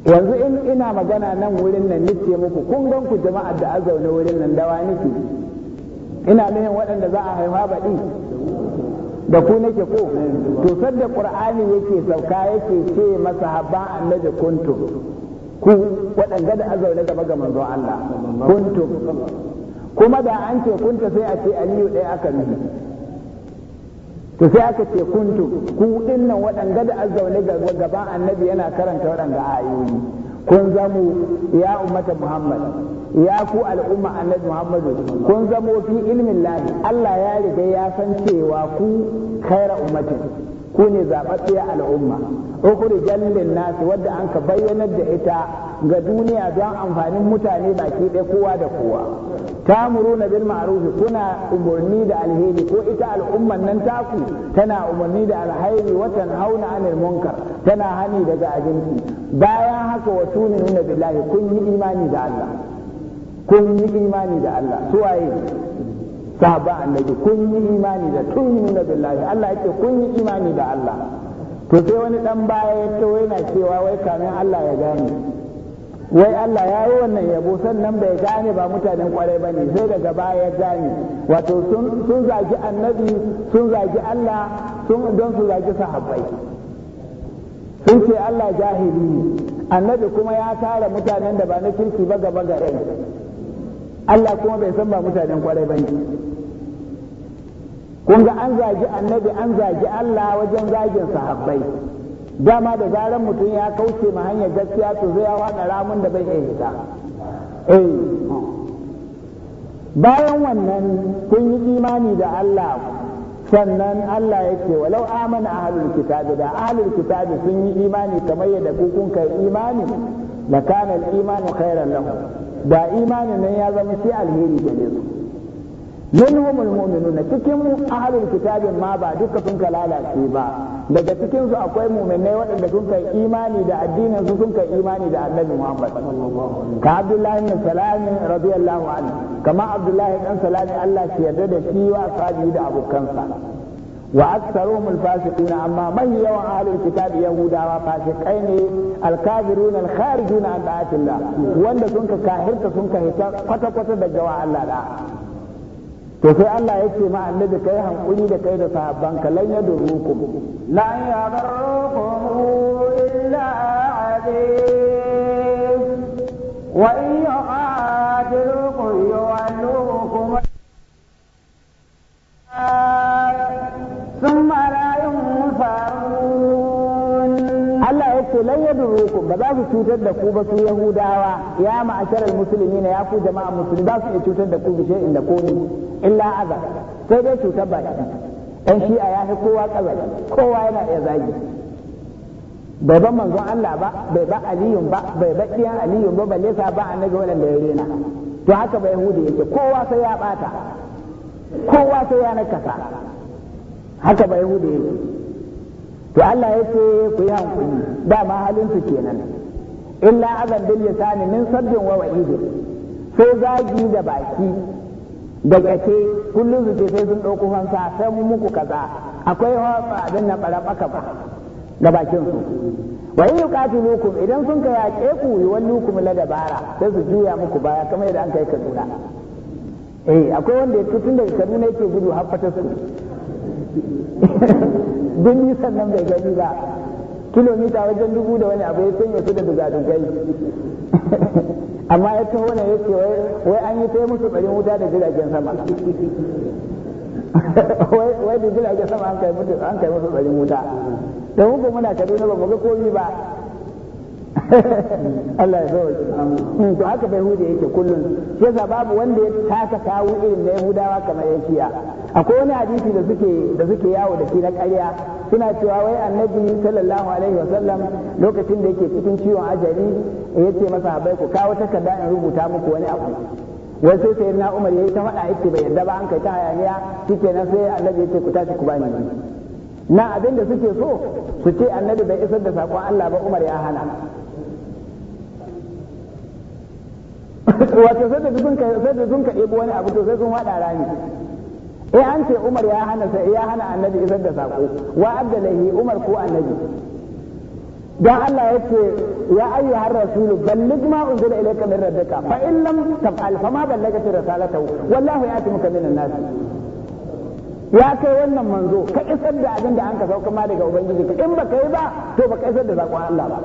yanzu in ina magana nan wurin nan nake muku kun gan ku jama'ar da azauna wurin nan dawa niki? ina nuhin waɗanda za a haifa baɗi da ku nake ko to sadda qur'ani yake sauka yake ce haba annabi kuntum ku waɗanda da azaune gaba ga manzo Allah kuntum kuma da an ce kunta sai a ce aliyu ɗaya aka nufi to sai aka ce kuntum ku dinnan waɗanda da azaune gaba annabi yana karanta waɗanda ayoyi kun zamo ya ummata Muhammad ya ku al'umma annabi Muhammad kun zamo fi ilmin lahi Allah ya riga ya san cewa ku khaira ummatin ku ne al'umma uku lin nasu wadda an ka bayyanar da ita ga duniya don amfanin mutane baki ɗaya kowa da kowa ta na bil ma'ruf kuna umarni da alheri ko ita al'umman nan taku tana umarni da alheri watan hauna anil munkar tana hani daga abinci bayan haka wa tuminuna billahi kun yi imani da Allah kun yi imani da Allah suwaye saba annabi kun yi imani da na billahi Allah yake kun yi imani da Allah to sai wani dan baya ya to yana cewa wai kamin Allah ya gane wai Allah ya yi wannan yabo sannan bai gane ba mutanen kwarai ba ne sai daga baya ya gane wato sun zagi annabi sun zagi Allah sun don su zagi sahabbai sun ce Allah jahili ne annabi kuma ya tara mutanen da ba na kirki ba gaba ga rai Allah kuma bai san ba mutanen kwarai ba ne kun ga an zagi annabi an zagi Allah wajen zagin sahabbai dama da zaran mutum ya kauce ma hanyar gaskiya to zai ya da ramun da bai iya hita eh bayan wannan kun yi imani da Allah sannan Allah ya ce walau amana ahlul kitabi da ahlul kitabi sun yi imani kamar yadda ku kun kai imani la kana al iman khairan lahum da imanin nan ya zama shi alheri gare su منهم المؤمنون cikin ahlul kitabin ma ba duka sun lalace ba daga cikinsu su akwai mu'minai waɗanda sun kai imani da addinin su sun kai imani da annabi Muhammad ka Abdullahi bin Salam radiyallahu anhu kama Abdullahi dan Salam Allah shi yarda da shi wa sahabi da abokansa wa aktsaruhum alfasiquna amma man yawan ahlul kitab yahudawa fasikai ne alkafirun alkharijun an da'atillah wanda sun ka kahirta sun ka hita kwata kwata daga wa Allah da to sai Allah ya ce ma annabi kai hankuri da kai da sahabban ka lan ya ku yadrukum lan yadrukum illa adib wa in ku yuwallukum ثم لا ينصرون ce lan yadurrukum ba za su cutar da ku ba su yahudawa ya musulmi muslimin ya ku jama'a musulmi ba su iya cutar da ku bi shay'in da komi illa aza sai dai cutar baki dan shi'a ya fi kowa kaza kowa yana iya zagi bai ban manzon Allah ba bai ba aliyun ba bai ba ɗiyan aliyun ba balle sa ba annabi wanda ya rena to haka ba yahudi yake kowa sai ya bata kowa sai ya nakasa haka ba yahudi yake to Allah ya ce ku yi hankuli dama halinsu kenan illa azan bil lisani min sabbin wa wa'idi sai zagi da baki da kace kullun su ce sai sun dauko fansa sai mu muku kaza akwai hafa abin na barabaka ba da bakin su wa in yuqatilukum idan sun ka yaƙe ku yuwallukum la dabara sai su juya muku baya kamar yadda an kai Kaduna eh akwai wanda ya tun daga Kaduna yake gudu har fatar su duk sannan nan bai gani ba kilomita wajen dubu da wani abu ya sanya su da dugadugai amma ya taho wani ya ce wai an yi ta musu barin wuta da jiragen sama wai da jiragen sama an kai musu barin wuta don hukun muna kaduna ba mu ga komi ba Allah ya zo to haka bai hude yake kullum yasa babu wanda ya taka kawo irin na Yahudawa kamar ya shiya. akwai wani hadisi da suke da suke yawo da shi na ƙarya suna cewa wai annabi sallallahu alaihi wa sallam lokacin da yake cikin ciwon ajali ya yace masa habai ku kawo takarda in rubuta muku wani abu wai sai sai na Umar ya yi ta faɗa yake bai yarda ba an kai ta hayaniya na sai annabi ya ce ku tashi ku bani na abin da suke so su ce annabi bai isar da sakon Allah ba Umar ya hana wato sai da sun ka sai da sun ka ɗebo wani abu to sai sun haɗa rami eh an ce Umar ya hana sai ya hana Annabi isar da sako wa abdalahi Umar ko Annabi dan Allah yake ya ayyuha rasulu balligh ma unzila ilayka min rabbika fa in lam taf'al fa ma ballagta risalatahu wallahu ya'timuka minan nas ya kai wannan manzo ka isar da abin da an ka sauka ma daga ubangiji in baka yi ba to baka isar da zakon Allah ba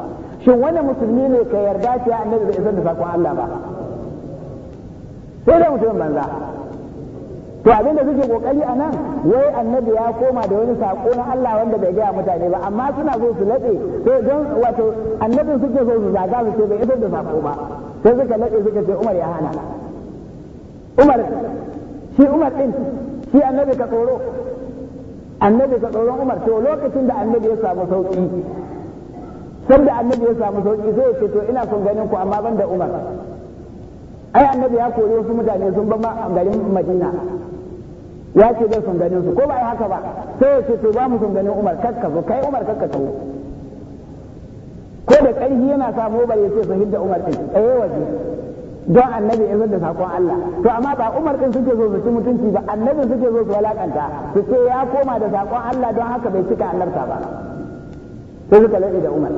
shin wani musulmi ne ka yarda cewa annabi bai isar da zakon Allah ba sai da mutumin banza to abinda suke kokari a nan wai annabi ya koma da wani sako na Allah wanda bai gaya mutane ba amma suna so su laɗe sai don wato annabin suke so su zaga su ce bai isar da sako ba sai suka laɗe suka ce Umar ya hana Umar shi Umar din shi annabi ka tsoro annabi ka tsoron Umar to lokacin da annabi ya samu sauki sanda annabi ya samu sauki sai ya ce to ina son ganin ku amma ban da Umar ai annabi ya kore wasu mutane sun ba garin madina ya ce zai sun ganin su ko ba ai haka ba sai ya ce to ba mu sun ganin umar kakka zo kai umar kakka tawo ko da ƙarfi yana sa mu ya ce sun hidda umar din eh waje don annabi ya da sakon Allah to amma ba umar din suke zo su ci mutunci ba annabi suke zo su walakanta su ce ya koma da sakon Allah don haka bai cika annabta ba sai suka laɗe da umar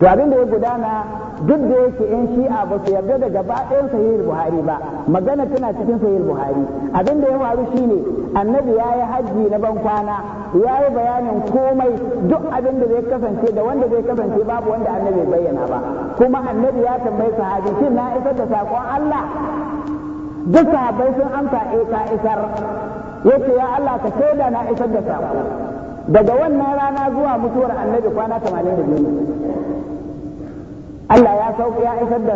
to abin da ya gudana duk da yake yan shi'a ba su yarda da gaba ɗayan sahihul buhari ba magana tana cikin sahihul buhari abin da ya faru shine annabi ya yi hajji na ban kwana ya yi bayanin komai duk abin da zai kasance da wanda zai kasance babu wanda annabi bayyana ba kuma annabi ya tambayi sahabi shin na isar da saƙon Allah duk sahabbai sun amsa eh ka isar yace ya Allah ka shaida na isar da saƙo daga wannan rana zuwa mutuwar annabi kwana 82 Allah ya sauka ya isar da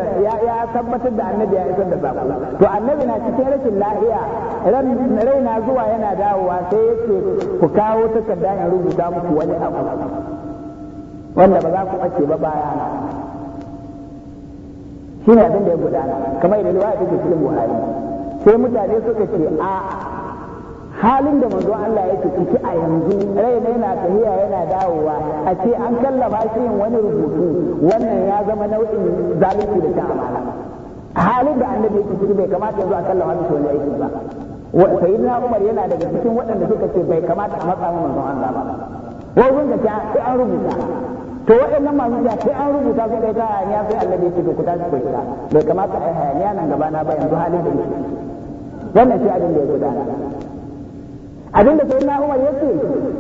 ya tabbatar da annabi ya isar da sako to annabi na cikin rashin lahiya raina zuwa yana dawowa sai yake ku kawo takarda in rubuta muku wani abu wanda ba za ku bace ba baya na shi ne abin da ya gudana kamar da ya take cikin buhari sai mutane suka ce a halin da manzo Allah ya ciki a yanzu ne na tafiya yana dawowa a ce an kallafa shi yin wani rubutu wannan ya zama nau'in zalunci da ta amana halin da annabi ya tafi bai kamata yanzu a kallafa shi wani aiki ba sayyidina Umar yana daga cikin waɗanda suka ce bai kamata a matsa manzo Allah ba wai da ga sai an rubuta to waɗannan masu ja sai an rubuta su kai ta hayaniya sai annabi ya ce to ku tashi ku bai kamata a hayaniya nan gaba na ba yanzu halin da ya yake wannan shi abin da ya gudana abin da sayyidina Umar yake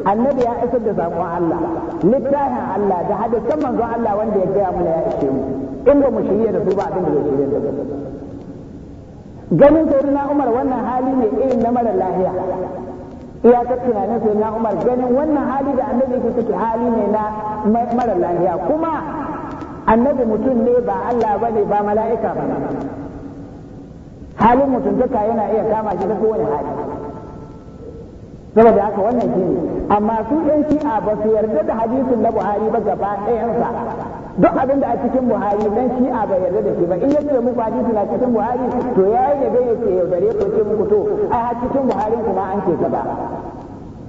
annabi ya isar da sakon Allah littafin Allah da hadisan manzon Allah wanda ya gaya mana ya ishe mu in ba mu shirye da su ba abin da zai shirye da su ganin sayyidina Umar wannan hali ne irin na mara lahiya ta tunanin sayyidina Umar ganin wannan hali da annabi ke ciki hali ne na mara lahiya kuma annabi mutum ne ba Allah ba ne ba mala'ika ba halin duka yana iya kama shi ta kowane hali saboda haka wannan shi ne amma su ɗan shi'a ba su yarda da hadisin na buhari ba gaba ɗayansa duk abin da a cikin buhari dan shi'a bai yarda da shi ba in ya ce muku hadisi na cikin buhari to ya yi da ya ce yaudare ko ce muku to a cikin buhari kuma an ce ba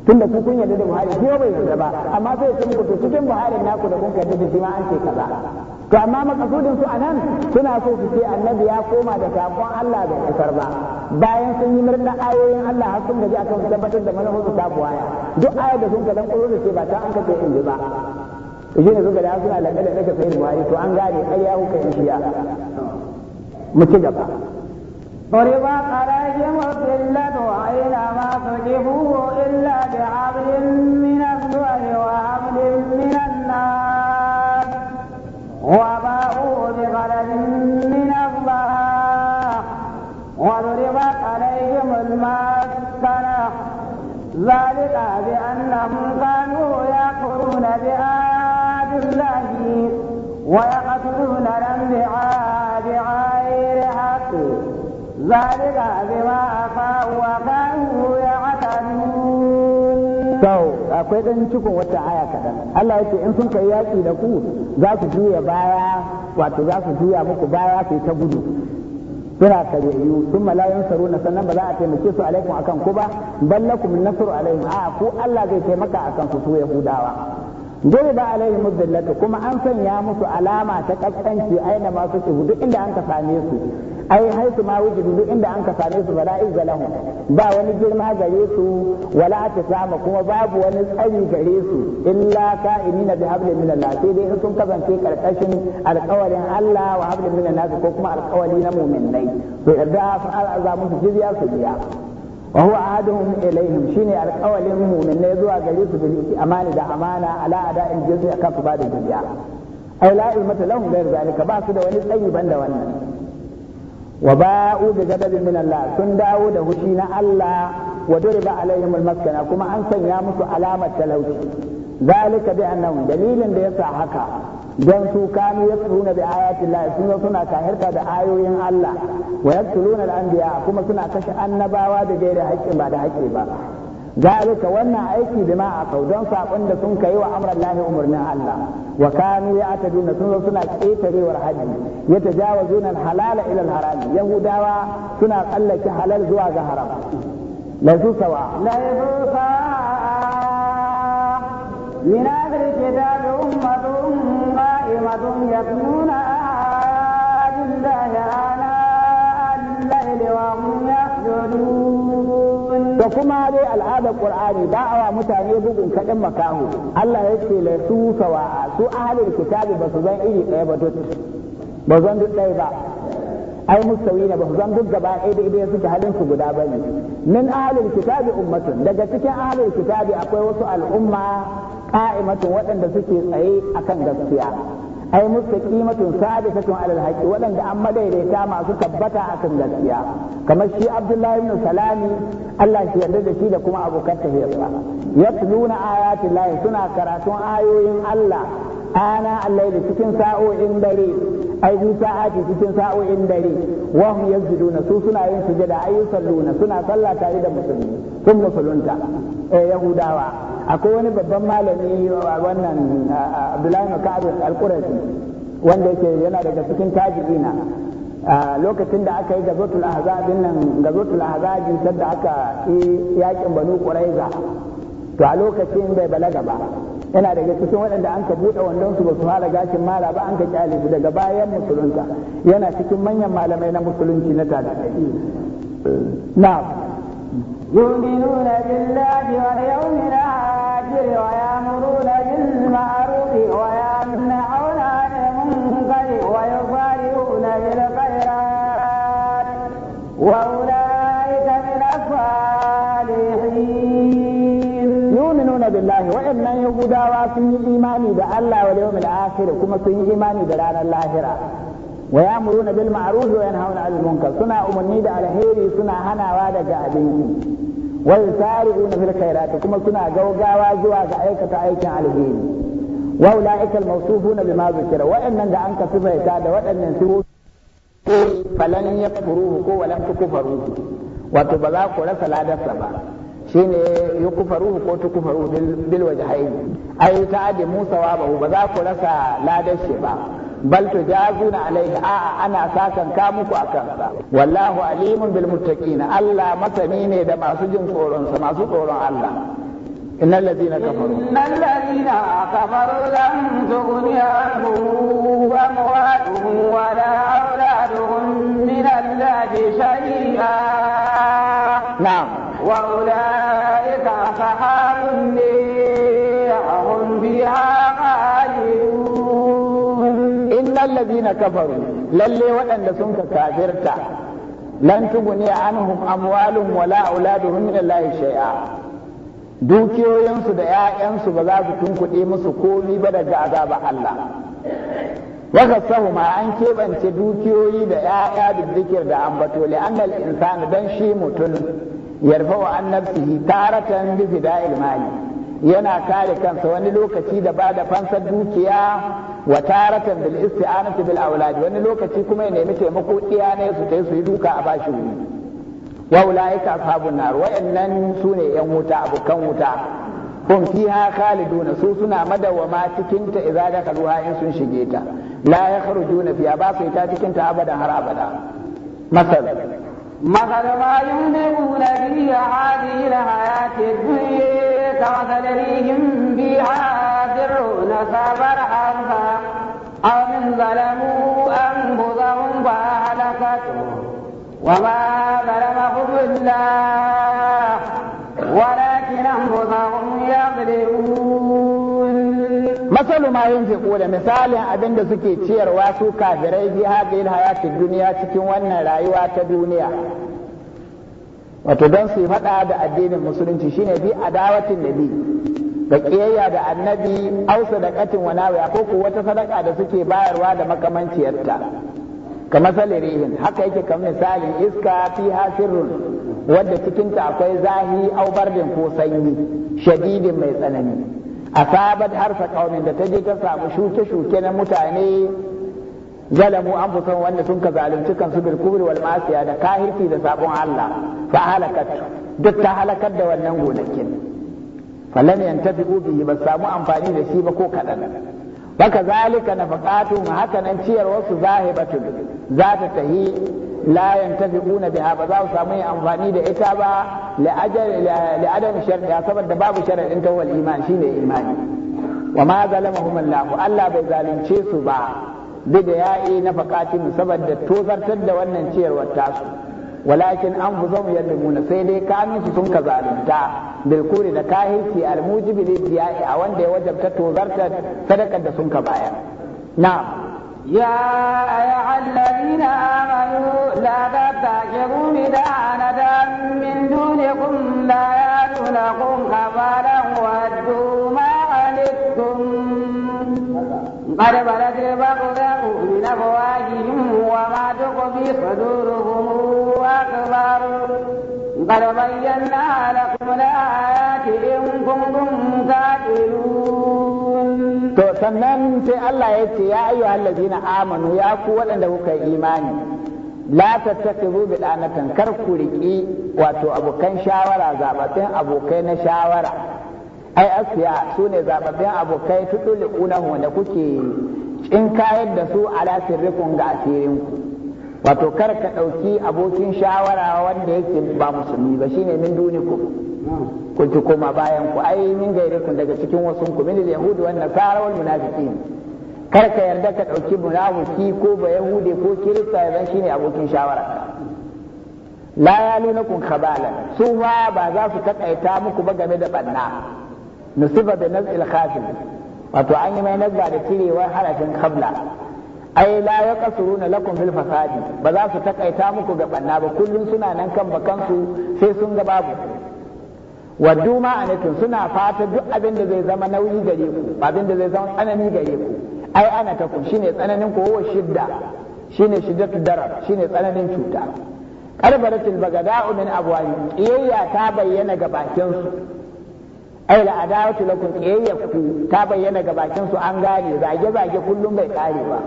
tun da kun yarda da buhari shi bai yarda ba amma sai ce cikin buhari naku da kun yarda da shi ma an ce ba. to amma makasudin su anan suna so su ce annabi ya koma da takon Allah da kasar ba bayan sun yi murna ayoyin Allah har sun gaji akan tabbatar da manufar ta buwaya duk ayar da sun ka dan kuro da ce ba ta an kace in ba shi ne suka da suna lalle da nake sai to an gane ai ya huka in mu ci gaba ضرب عليهم الذلة أينما تجبوه إلا بعبد من الدول وعبد وباءوا بغلب من الله وضربت عليهم المسكنة ذلك بأنهم كانوا يكفرون بآيات الله ويقتلون الأنبياء بغير حق ذلك بما أخاوا وكانوا يعلمون sau akwai ɗan cikin wata aya kaɗan Allah ya ce in sun kai yaƙi da ku za su juya baya wato za su juya muku baya su ta gudu suna karyayyu sun malayan saro na sannan ba za a taimake su alaikum akan ku ba ballakum nasaru alaihim a ku Allah zai taimaka akan ku su yahudawa dole ba alaihi mudallatu kuma an sanya musu alama ta kaskanci aina masu shuhu duk inda an ka same su ai haisu ma wujudu duk inda an ka same su bala izza lahum ba wani girma gare su wala sama kuma babu wani tsari gare su illa inina bi hablin min Allah sai dai in sun kasance karkashin alƙawarin Allah wa hablin min Allah ko kuma alƙawari na mu'minai to yarda fa azamu su jizya su biya wa huwa ahaduhum ilaihim shine alƙawarin mu'minai zuwa gare su bil amana da amana ala ada'in jizya kan su ba da jizya ai la ilmata lahum ghayr zalika ba su da wani tsayi banda wannan wa ba'u bi ghadabin min Allah sun dawo da hushi na Allah wa duriba alaihim almaskana kuma an sanya musu alamar talauci zalika bi annahum dalilin da yasa haka don su kanu yakfuruna bi ayati Allah suna kahirta da ayoyin Allah wa yaqtuluna al-anbiya kuma suna kashe annabawa da gaira haƙƙi ba da haƙƙi ba ذلك وانا ايكي بما اتو دون ساقون ده سنك ايوا امر الله امرنا من وكانوا يعتدون سنة سنة تري والحج يتجاوزون الحلال الى الحرام يهودا سنة قال لك حلال زوا زهرم لا زو سوا لا يزو سوا من اهل الكتاب امة قائمة يتلون آيات الله على الليل وهم يسجدون da kuma dai al'adar qur'ani ba a wa mutane bugun kaɗan makaho Allah ya ce la su sawa su ahlul kitabi ba su zan iri ɗaya ba duk ba zan duk ɗaya ba ai mustawi ne ba su zan duk gaba ɗaya da idan suke halin su guda bane min ahlul kitabi ummatun daga cikin ahlul kitabi akwai wasu al'umma qa'imatu waɗanda suke tsaye akan gaskiya ai mustaqimatun sabithatun alal haqi wadanda an madaidaita masu tabbata akan gaskiya kamar shi Abdullahi ibn Salami Allah shi yarda da shi da kuma abokan tahiyarsa yatluna ayati Allah suna karatun ayoyin Allah ana allaili cikin sa'o'in dare ai bi sa'ati cikin sa'o'in dare wa hum yazduna su suna yin sujada ai salluna suna sallah tare da musulmi sun musulunta eh yahudawa akwai wani babban malami wannan Abdullahi makabi al wanda yake yana daga cikin na. lokacin da aka yi gazotul ahzabin nan gazotul ahzabi sadda aka yi yakin banu quraiza to a lokacin bai balaga ba yana daga cikin waɗanda an ka buɗe wandon su ba su fara gashin mala ba an ka kyale su daga bayan musulunta yana cikin manyan malamai na musulunci na tarihi na يؤمنون بالله واليوم الآخر ويأمرون بالمعروف ويمنعون عن المنكر ويصارعون بالخيرات yahudawa sun yi imani da Allah wa yawmil akhir kuma sun yi imani da ranar lahira wa na bil ma'ruf wa yanhauna 'anil munkar suna umarni da alheri suna hanawa daga abinci wa yusari'una fil khairat kuma suna gaugawa zuwa ga aikata aikin alheri wa ulaika al mawsufuna bima zikira waɗannan da an kasu da waɗannan su ko falan yakfuruhu ko walam tukfaruhu wato ba za ku rasa ladarsa ba shine yukfaruhu ko tukfaru bil wajhain ai ta'adi musa wa ba za ku rasa ladar shi ba bal na alaihi a ana sakan ka muku akan sa wallahu alimun bil muttaqin Allah masani ne da masu jin tsoron sa masu tsoron Allah إن الذين كفروا إن الذين كفروا تغني عنهم أموالهم ولا أولادهم من الله شيئا نعم وأولئك أصحاب النير هم فيها خالدون إن الذين كفروا للي وأن سنك كافرتا لن تغني عنهم أموالهم ولا أولادهم من الله شيئا dukiyoyinsu da 'ya'yansu ba za su tunkuɗe musu komi ba daga azabar Allah waka sahu ma an keɓance dukiyoyi da 'ya'ya da zikir da ambato li'annal insani dan shi mutum Yarfe an nafsihi taratan bi fida'il mali yana kare kansa wani lokaci da ba da fansar dukiya wa taratan bil isti'anati bil aulad wani lokaci kuma ya nemi taimako iya ne su kai su yi duka a bashi wuri wa ulaika ashabun nar wayannan sune yan wuta abukan wuta hum Khalidu na su suna madawama cikinta ta da dakaluha in sun shige ta la yakhrujuna fiha ba su ta cikin ta abadan har abada Masar. مثل ما ينبغون في هذه الحياة الدنيا كمثل ريح فيها زر نصابت أو من ظلموا أنفسهم فأهلكتهم وما ظلمهم الله ولكن أنفسهم يظلمون masalu ma kula misalin abinda suke ciyarwa su kafirai fi hadhihi hayati duniya cikin wannan rayuwa ta duniya wato don su faɗa da addinin musulunci shine bi adawatin nabi da kiyayya da annabi ausa da katin wanawa ko ko wata sadaka da suke bayarwa da makamanciyarta kamar rihin, haka yake kamar misalin iska fi hasirun wadda cikinta akwai zahi au bardin ko sanyi shadidin mai tsanani asabat harfa kaumin da ta je ta samu shuke-shuke na mutane zalamu an fusan wanda sun ka zalunci kansu bil kubri wal masiya da kahirci da sabon Allah fa halakat duk ta halakar da wannan gonakin falam yantafi'u bihi ba samu amfani da shi ba ko kadan baka zalika nafaqatu haka nan ciyar wasu zahibatun za ta tahi la yantafi'una biha ba za su samu yin amfani da ita ba li adam shar'a saboda babu sharadin ta wal iman shine imani wa ma zalamahum Allah Allah bai zalunce su ba bida ya'i na faqatin saboda tozartar da wannan ciyarwar tasu walakin anfusahum Muna sai dai kanun su sun ka zalunta bil kuri da kahirci al mujibi li a wanda ya wajabta tozartar sadakar da sun ka bayar na'am يا أيها الذين آمنوا لا تتخذوا بدعانة من دونكم لا يأتونكم خبالا ودوا ما عنتم قد بلت البغضاء من أفواههم وما تخفي صدورهم أكبر قد بينا لكم الآيات إن كنتم تعقلون to sannan sai Allah ya ce ya ayyu na amanu ya ku waɗanda kuka yi imani la tattakizu bi danatan kar ku riki wato abokan shawara zabatin abokai na shawara ai asiya su ne zababbin abokai tudul da kuke in kayar da su ala sirrikun ga asirin ku wato kar ka ɗauki abokin shawara wanda yake ba musulmi ba shine min ku. kun koma bayan ku ai min ku daga cikin wasu ku min yahudi wannan nasara wal munafiqin kar ka yarda ka dauki munafiki ko ba yahudi ko kirista ya zan shine abokin shawara la yalunakum khabala su ma ba za su takaita muku ba game da banna nusiba bi naz'il khafil wato an yi mai nazba da cirewar harafin kabla ai la ya kasuru na lakum fil fasadi ba za su takaita muku ga banna ba kullum suna nan kan bakansu sai sun ga babu waduma a nufin suna fata duk abin da zai zama nauyi gare ku abin da zai zama tsanani gare ku ai ana ta shi shine tsananin ku wa shidda shine shiddatu darar shine tsananin cuta Ƙarfara bagada'u min abwani iyayya ta bayyana ga bakin su ai la adawatu lakum iyayya ku ta bayyana ga bakin su an gane zage zage kullum bai kare ba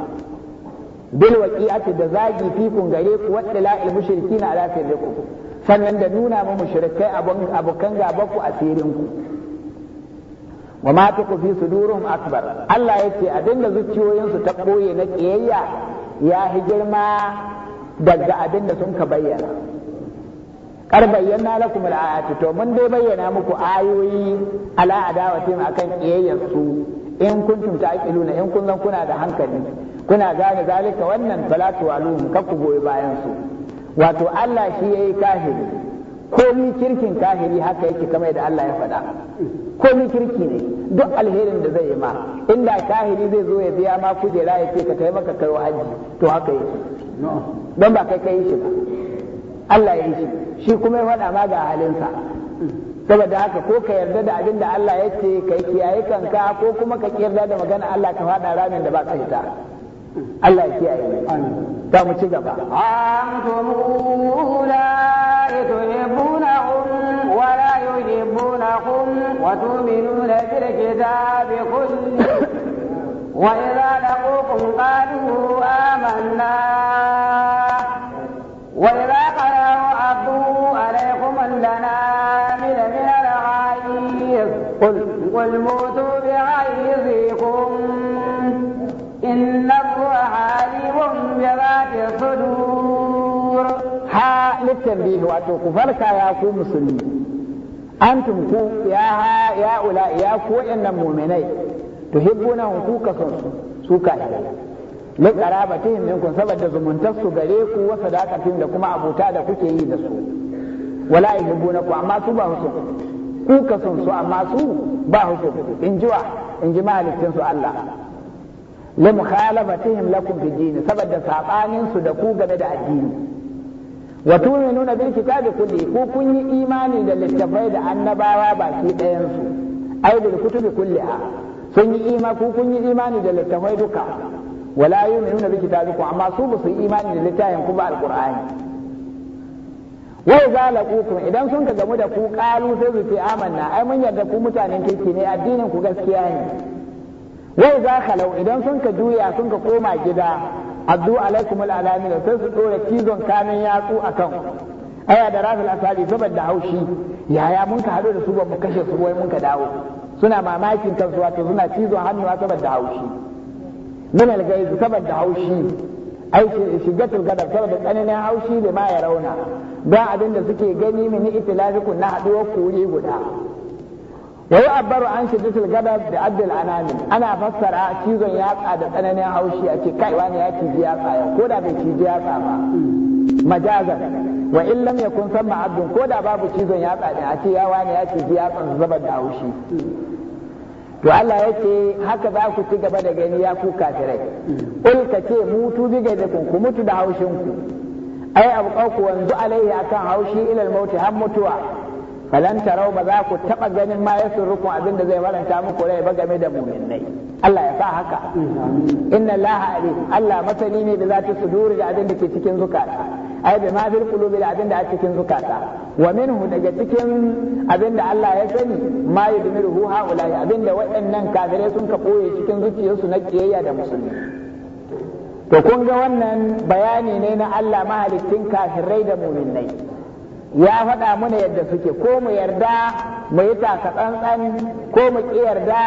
bil waqi'ati da zagi fikun gare ku wadda la'il mushrikin ala sirrikum sannan da nuna mu mushrikai abokan gabaku asirin ku wa ma tuku fi sudurum akbar Allah ya ce abin da zuciyoyinsu ta ɓoye na ƙiyayya ya hi girma daga abinda sun ka bayyana kar bayyana lakum al-ayati to mun dai bayyana muku ayoyi ala adawatin akan kiyayyar su in kuntum ta'qiluna in kun zan kuna da hankali kuna gane zalika wannan falatu alum kakku goyi bayan su wato Allah shi yayi kafiri komi kirkin kafiri haka yake kamar da Allah ya faɗa komi kirki ne duk alherin da zai yi ma inda kafiri zai zo ya biya ma kujera ya ce ka kai maka kai haji to haka yake don ba kai kai shi ba Allah ya yi shi shi kuma ya faɗa ma ga halinsa saboda haka ko ka yarda da abin da Allah ya ce ka kiyaye kanka ko kuma ka yarda da magana Allah ka faɗa ramin da ba ka ta. Allah ya kiyaye ta mu ci gaba antum ulai tuhibunahum wa la yuhibunahum wa tu'minuna bil kitabi kulli wa idza laqukum qalu amanna wa idza qalu abdu alaykum lana min al-ghayb qul qul mutu bi In na kuma hali mambira ku ya fi musulmi, an tun ku ya ula ya ko'yan muminai, to hibbuna kun su su, su ka yi. Likara ba ta himmin ku saboda zumuntaf su, gare kuwa sadaka fim da kuma abota da kuke yi da su. Wala a yi hibbunaku amma su ba su ka son su amma su ba hukum, in jima a liƙan su Allah. la mukhalafatihim lakum fi dini saboda sabanin su da ku game da addini wa nuna bil kitabi kulli ku kun yi imani da littafai da annabawa baki ɗayan su ai bil kutubi a, sun yi imani ku kun yi imani da littafai duka wala yu'minuna bi kitabikum amma su ba su yi imani da littafin ku ba alqur'ani wa idza laqukum idan sun ka gamu da ku qalu sai su fi amanna ai mun yarda ku mutanen kirki ne addinin ku gaskiya ne wai za ka lau idan sun ka juya sun ka koma gida abdu alaikum alamin sai su dora cizon kanin yatsu akan aya da rafil asali saboda haushi yaya mun ka hado da su ba mu kashe su wai mun ka dawo suna mamakin kansu wato suna cizon hannuwa saboda haushi min algaiz saboda haushi aiki shigatul gadar saboda tsananin haushi da ma ya rauna ba abin da suke gani mini kun na haɗuwar kuri guda wa abaru abbaru an shi jisul da abdul anami ana fassara cizon yatsa da tsananin haushi a ce kai wani ya ciji yatsa yau ko da bai ciji yatsa ba majazan wa in lam yakun samma abdun ko da babu cizon yatsa ne a ce ya wani ya ciji yatsa zubar da haushi to Allah ya ce haka za ku ci gaba da gani ya ku kafirai ul ka ce mutu bi gaidakum ku mutu da haushin ku ai abu ku wanzu alaihi akan haushi ilal mauti har mutuwa falan tarau ba za ku taba ganin ma yasu rukun abinda zai maranta muku rai ba game da mu'minnai Allah ya sa haka inna Allah ali Allah masani ne da zata suduri da abinda ke cikin zukata ai bi ma fil qulubi da abinda a cikin zukata wa minhu daga cikin abinda Allah ya sani ma yudmiruhu abin abinda waɗannan kafirai sun ka koye cikin zuciyarsu na kiyayya da musulmi to kun ga wannan bayani ne na Allah mahalicin kafirai da mu'minnai ya faɗa mana yadda suke ko mu yarda mu yi taka tsantsan ko mu ƙi yarda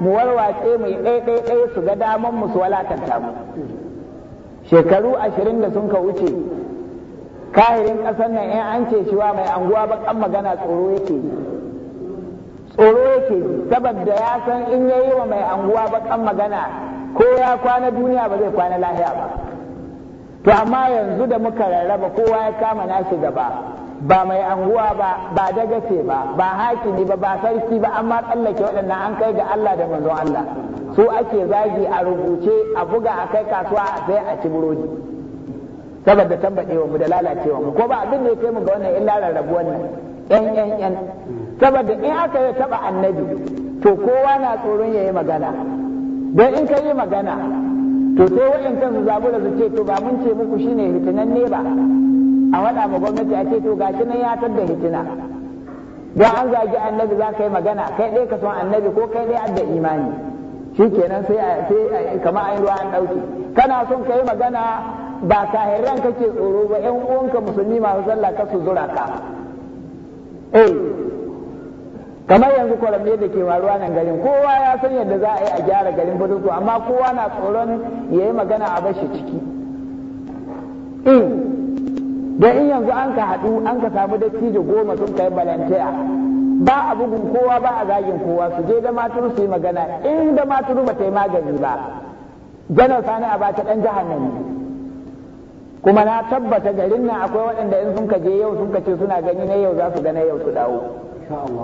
mu warwace mu yi ɗaiɗaiɗai su ga daman mu su walakanta mu shekaru ashirin da sun ka wuce kahirin ƙasar nan in an ce shiwa mai anguwa baƙan magana tsoro yake tsoro yake saboda ya san in ya yi wa mai anguwa baƙan magana ko ya kwana duniya ba zai kwana lahiya ba to amma yanzu da muka rarraba kowa ya kama nashi gaba ba mai anguwa ba ba dagace ba ba haki ne ba ba sarki ba amma tsallake waɗannan an kai ga Allah da manzon Allah su ake zagi a rubuce a buga a kai kasuwa a sai a ci burodi saboda tambadewa mu da lalacewa mu ko ba abin da ya kai mu ga wannan illa rarrabu nan yan yan yan saboda in aka yi taba annabi to kowa na tsoron yayi magana don in ka magana to sai wa'in su zabu su ce to ba mun ce muku shine fitinan ne ba a wada ma gwamnati a ce to gashi nan ya da hitina don an zagi annabi za ka yi magana kai ɗaya ka son annabi ko kai ɗaya adda imani shi kenan sai kama a yi ruwa an ɗauki kana son ka yi magana ba ka kahiran kake tsoro ba yan uwanka musulmi masu sallah ka su zura ka eh kamar yanzu kwaramme da ke waruwa nan garin kowa ya san yadda za a yi a gyara garin budurku amma kowa na tsoron ya yi magana a bashi ciki in hmm. don in yanzu an ka haɗu an ka samu dattijo goma sun kai balantiya ba a bugun kowa ba a zagin kowa su je da maturu su yi magana in da maturu ba ta yi magani ba janar sani a bata ɗan jahannami kuma na tabbata garin nan akwai waɗanda in sun ka je yau sun ka ce suna gani na yau za su gana yau su dawo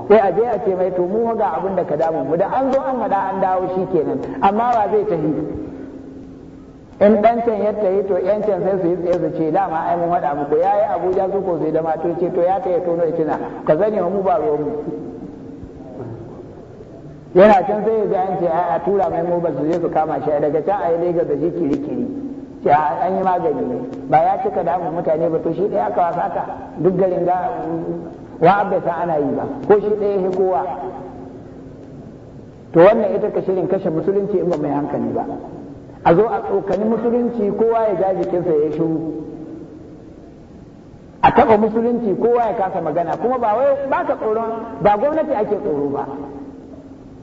sai a je a ce mai to mu ga abin da ka damu mu da an zo an haɗa an dawo shi kenan amma wa zai tafi in ɗancan yadda yi to can sai su yi tsaye su ce dama ai mun haɗa muku ya yi abuja su ko zai dama to ce to ya kai ya tono ya tuna ka zane wa mu ba ruwa mu yana can sai ya ji an ce a tura mai mu ba su zai su kama shi daga can a yi legas da jikiri kiri-kiri an yi magani ne ba ya cika damu mutane ba to shi ɗaya aka wasa ka duk garin ga wa abda ana yi ba ko shi ɗaya ya kowa to wannan ita ka shirin kashe musulunci in ba mai hankali ba a zo a tsokani musulunci kowa ya ja jikinsa ya shiru a taɓa musulunci kowa ya kasa magana kuma ba wai ba ka tsoron ba gwamnati ake tsoro ba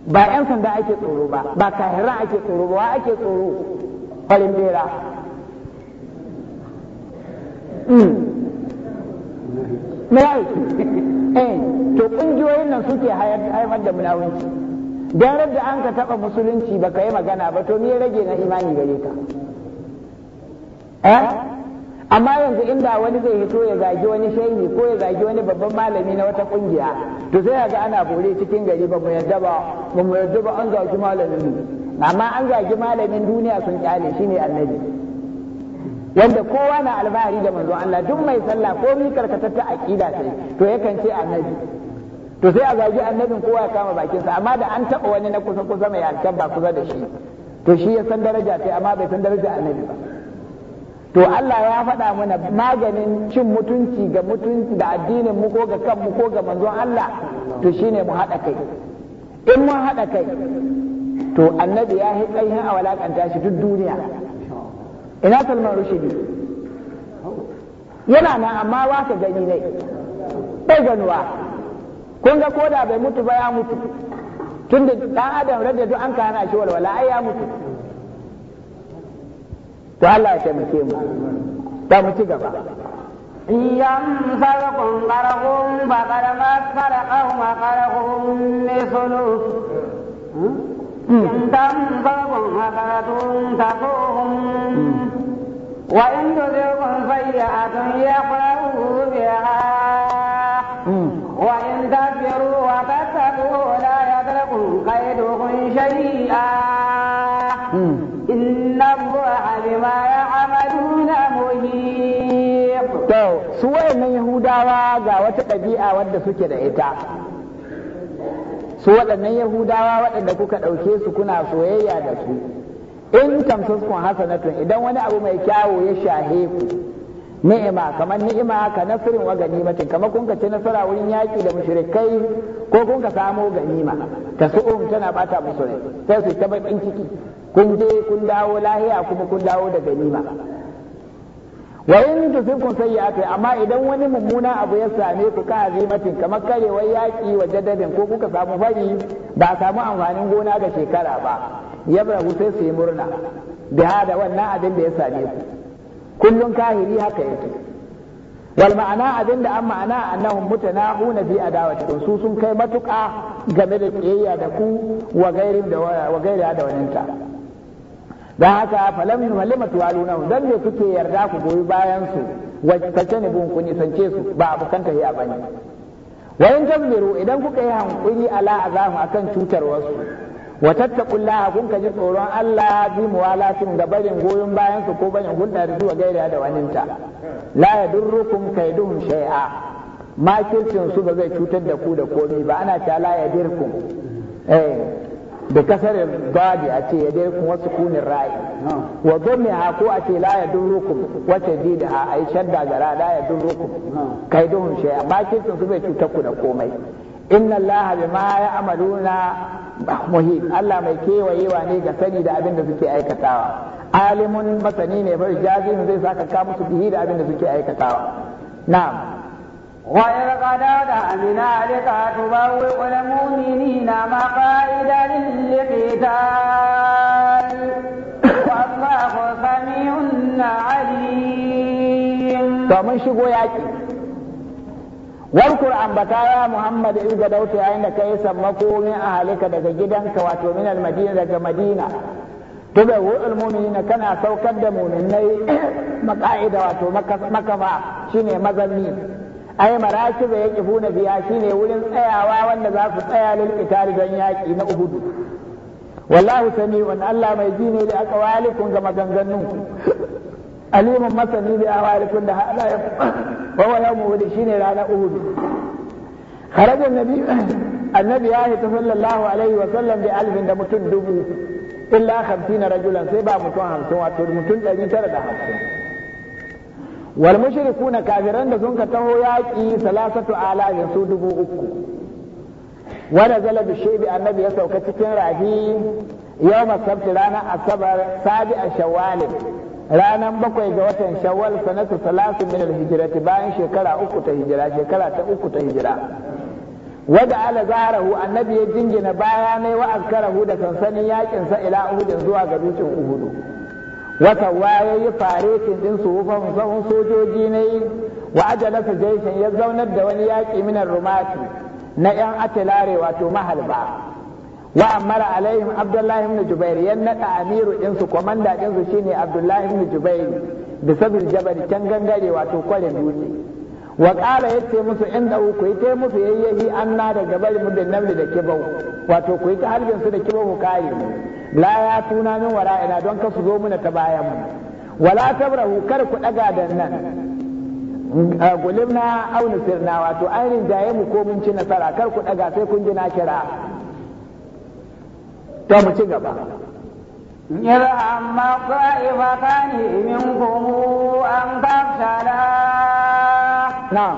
ba 'yan sanda ake tsoro ba ba kahiran ake tsoro ba wa ake tsoro farin bera hmm. eh, to ƙungiyoyin nan suke haifar da munawunci darar da an ka taɓa musulunci ba ka yi magana ba to ya rage na imani gare ka eh? amma yanzu inda wani zai hito ya zagi wani shehi ko ya zagi wani babban malami na wata ƙungiya, to sai ga ana bore cikin gari ba mu yadda ba ba mu yadda ba an zagi malamin amma an zagi malamin duniya sun kyale ne annabi Yadda kowa na alfahari da manzo Allah duk mai sallah ko mi karkatar ta aqida sai to yakan ce annabi to sai a zagi annabin kowa ya kama bakinsa amma da an taɓa wani na kusa kusa mai alkan ba kusa da shi to shi ya san daraja sai amma bai san daraja annabi ba to Allah ya faɗa mana maganin cin mutunci ga mutunci da addinin mu ko ga kanmu ko ga manzon Allah to shine mu haɗa kai in mun haɗa kai to annabi ya yi ƙaihin a walakanta shi duk duniya ina salman rushidi yana nan amma waka gani ne bai ganuwa kun ga koda bai mutu ba ya mutu tun da ɗan adam rage duk an kana shi walwala ai ya mutu to Allah ya taimake mu ta mu ci gaba iyam sarqum barqum ba qarama sarqa wa qarahum misulu hmm. tam barqum hadatun taquhum hmm. wa in tudhiqum fayya'atun yaqra'u biha وإن تكبروا وتتقوا لا يدركم كيدهم شيئا إن الله بما يعملون محيط تو من يهودا وغا وتبديع ود سكر su waɗannan Yahudawa waɗanda kuka ɗauke su kuna soyayya da su in tamsaskun hasanatun idan wani abu mai kyawo ya shahe ku ni'ima kamar ni'ima ka nasirin wa ganimatin kamar kun ka ci nasara wurin yaki da mushrikai ko kun ka samo ganima ta su'um tana bata musu ne sai su ta bakin ciki kun je kun dawo lahiya kuma kun dawo da ganima wa in tusibkum sayyi'atu amma idan wani mummuna abu ya same ku ka azimatin kamar karewar yaki wa jaddadin ko kuka samu fari ba samu amfanin gona ga shekara ba yabra sai su yi murna da hada wannan abin da ya same ku Kullum kahiri haka yake wal ma'ana abinda an ma'ana annahum mutanahuna bi adawati su sun kai matuƙa game da tsayayya da ku wa gairin da wa gaira da waninta dan haka falam yuhallima tuwaluna dan ne kuke yarda ku goyi bayan su wa ne bun kun nisance su ba abukan tahiya bane wa in idan kuka yi hankuri ala azamu akan cutar wasu wa tattaqullaha kun ka ji tsoron Allah bi muwalatin da barin goyon bayan su ko barin hulɗa da zuwa gaira da waninta la yadurrukum ka'idun shay'a makircin su ba zai cutar da ku da komai ba ana ta la yadirkum eh da kasar badi a ce yadirkum wasu kunin ra'i wa dhumiha ko a ce la yadurrukum wa tadidaha ai shadda gara la yadurrukum Ka'idun shay'a makircin su bai cutar ku da komai inna allaha bima ya'maluna muhim Allah mai kewayewa ne ga sani da abin da suke aikatawa alimun masani ne bar jazi zai saka ka musu bihi da abin da suke aikatawa na'am wa yar qada da amina alika tuba wa ulamuminina ma qaidan liqitan wa Allahu samiun alim to mun shigo yaki warkur ambata ya muhammad in ga dauta yayin da kai sammako min halika daga gidanka wato min almadina daga madina tuba wu'ul na kana saukar da mu'minai maqaida wato makafa shine mazanni ai maraki da yake funa biya shine wurin tsayawa wanda za su tsaya lil qitali don yaki na uhudu wallahu sami'un allah mai jini ne da aqwalikum ga maganganun alimun masani bi awalikum da hada ya wa wa yawmu da shine rana uhud kharaja nabi annabi ya ta sallallahu alaihi wa sallam bi alfin da mutum dubu illa 50 rajulan sai ba mutum hamsin, wato mutum ɗari tara da 950 wal mushrikuna kafiran da sun ka taho yaƙi salasatu alafi su dubu uku wanda zala bi shebi annabi ya sauka cikin rahi yau masabti ranar asabar sabi a ranar bakwai ga watan shawwal sanatu salatu min al bayan shekara uku ta hijira shekara ta uku ta hijira wada ala zaharahu annabi ya jingina baya ne wa azkarahu da sansanin yakin sa ila uhud zuwa ga dutsen uhudu wata waye yi faretin din su ufan sahun sojoji ne wa ajalasa jaishin ya zaunar da wani yaƙi minar rumati na yan atilare wato mahalba wa amara alaihim abdullahi ibn jubair yan nada amiru din su komanda din su shine abdullahi ibn jubair da sabil jabal can gangare wato kwarin dutse wa qala yace musu inda ku yace musu yayyahi anna da gabal mu da namli da kibau wato ku ta harbin su da kibau mu kare la ya tuna min wara ina don kasu zo muna ta bayan mu wala tabrahu kar ku daga dan nan gulimna aw sirna wato ainin jaye mu ko mun ci nasara kar ku daga sai kun ji na kira ta mu ci gaba يرحم طائفتان منكم أن تفشلا نعم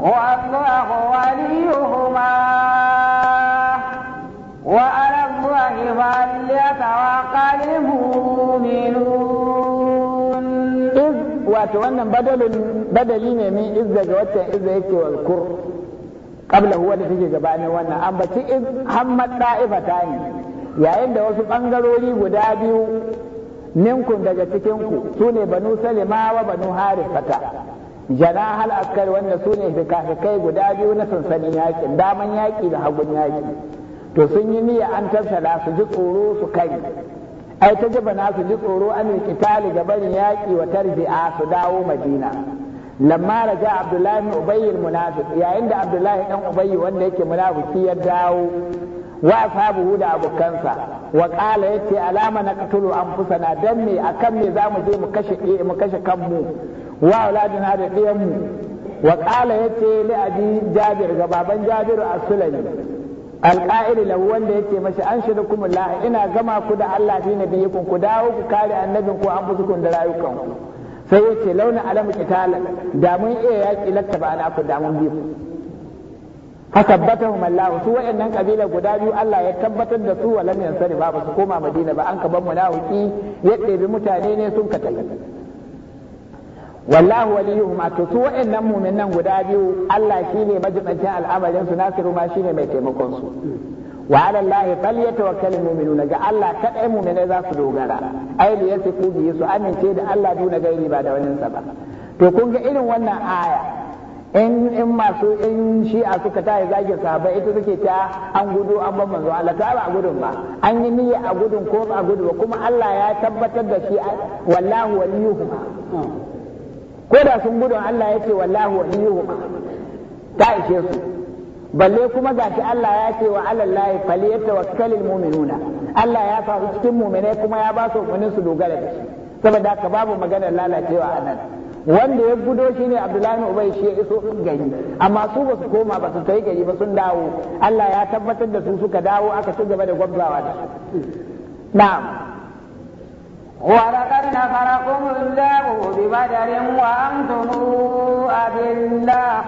والله وليهما وعلى الله فليتوكل المؤمنون إذ وأتوانا بدل بدلين من إذ زوجت إذ يكي والكر قبل هو اللي تجي جباني وانا أم بس إذ همت طائفتان yayin da wasu ɓangarori guda biyu ninkun daga cikinku su ne banu salima wa banu harifata jana hal askar wanda su ne fikafikai guda biyu na sansanin yaƙi daman yaƙi da hagun yaƙi to sun yi niyya an tattala su ji tsoro su kai ai ta jiba na su ji tsoro an rikitali ga barin yaƙi wa tarbi'a su dawo madina lamma raja abdullahi ibn munafiq yayin da abdullahi dan ubayyi wanda yake munafiki ya dawo wa buhu da abokansa wa qala yace alama na an fusana dan me akan me zamu je mu kashe eh, mu kashe kanmu wa da ɗiyanmu wa qala yace li abi jabir ga baban jabir a sulani. alqa'il lahu wanda yake mashi an kuma lahi ina gama ku da Allah fi nabiyikum ku dawo ku kare annabin ku an fusukun da rayukanku sai yace launa alamu qital da mun iya yaki lattaba ana ku da mun fa tabbatahum Allah su wayannan kabila guda biyu Allah ya tabbatar da su wa lam yansari ba su koma Madina ba an ka ban munafiki ya bi mutane ne sun ka wallahu waliyuhum to su wayannan mu'minan guda biyu Allah shine majibancin al'amarin su nasiru ma shine mai taimakon su wa ala Allah falyatawakkal mu'minuna ga Allah kadai mu'minai za su dogara ai da yasiku bi su amince da Allah duna gairi ba da wannan ba to kun ga irin wannan aya in in masu in shi'a suka taya zagin sahabbai ita suke ta an gudu an ban manzo Allah ta ba a gudun ba an yi niyya a gudun ko ba a gudu ba kuma Allah ya tabbatar da shi wallahu waliyuhu ko da sun gudu Allah ya ce wallahu waliyuhu ta ishe su balle kuma shi Allah ya ce wa alallahi falyatawakkalul mu'minuna Allah ya sa cikin mu'minai kuma ya ba su su dogara da shi saboda haka babu maganar lalacewa anan wanda ya gudo shi ne abdullahi ubay shi ya iso gari amma su ba su koma ba su kai gari ba sun dawo Allah ya tabbatar da su suka dawo aka ci gaba da gwabzawa da su na'am ولقد نصركم الله ببدر وأنتم أذلة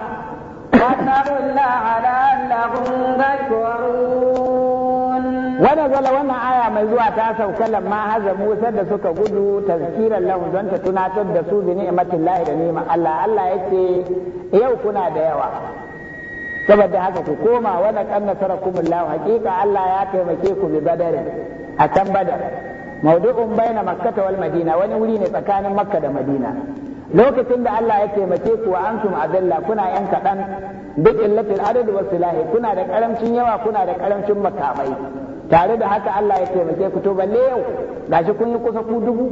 فاتقوا الله لعلكم تشكرون wannan zala wannan aya mai zuwa ta sauka lamma haza musa da suka gudu tazkiran lahu don ta tunatar da su bi ni'matillahi da ni'ma Allah Allah yace yau kuna da yawa saboda haka ku koma nasarar kan nasarakumullahu hakika Allah ya taimake ku bi badar akan badar mawdu'un baina makkah wal madina wani wuri ne tsakanin makka da madina lokacin da Allah ya taimake ku wa antum adalla kuna yan kadan duk illatil adad wa kuna da karamcin yawa kuna da karamcin makamai tare da haka Allah ya taimake ku to balle yau gashi kun yi kusa ku dubu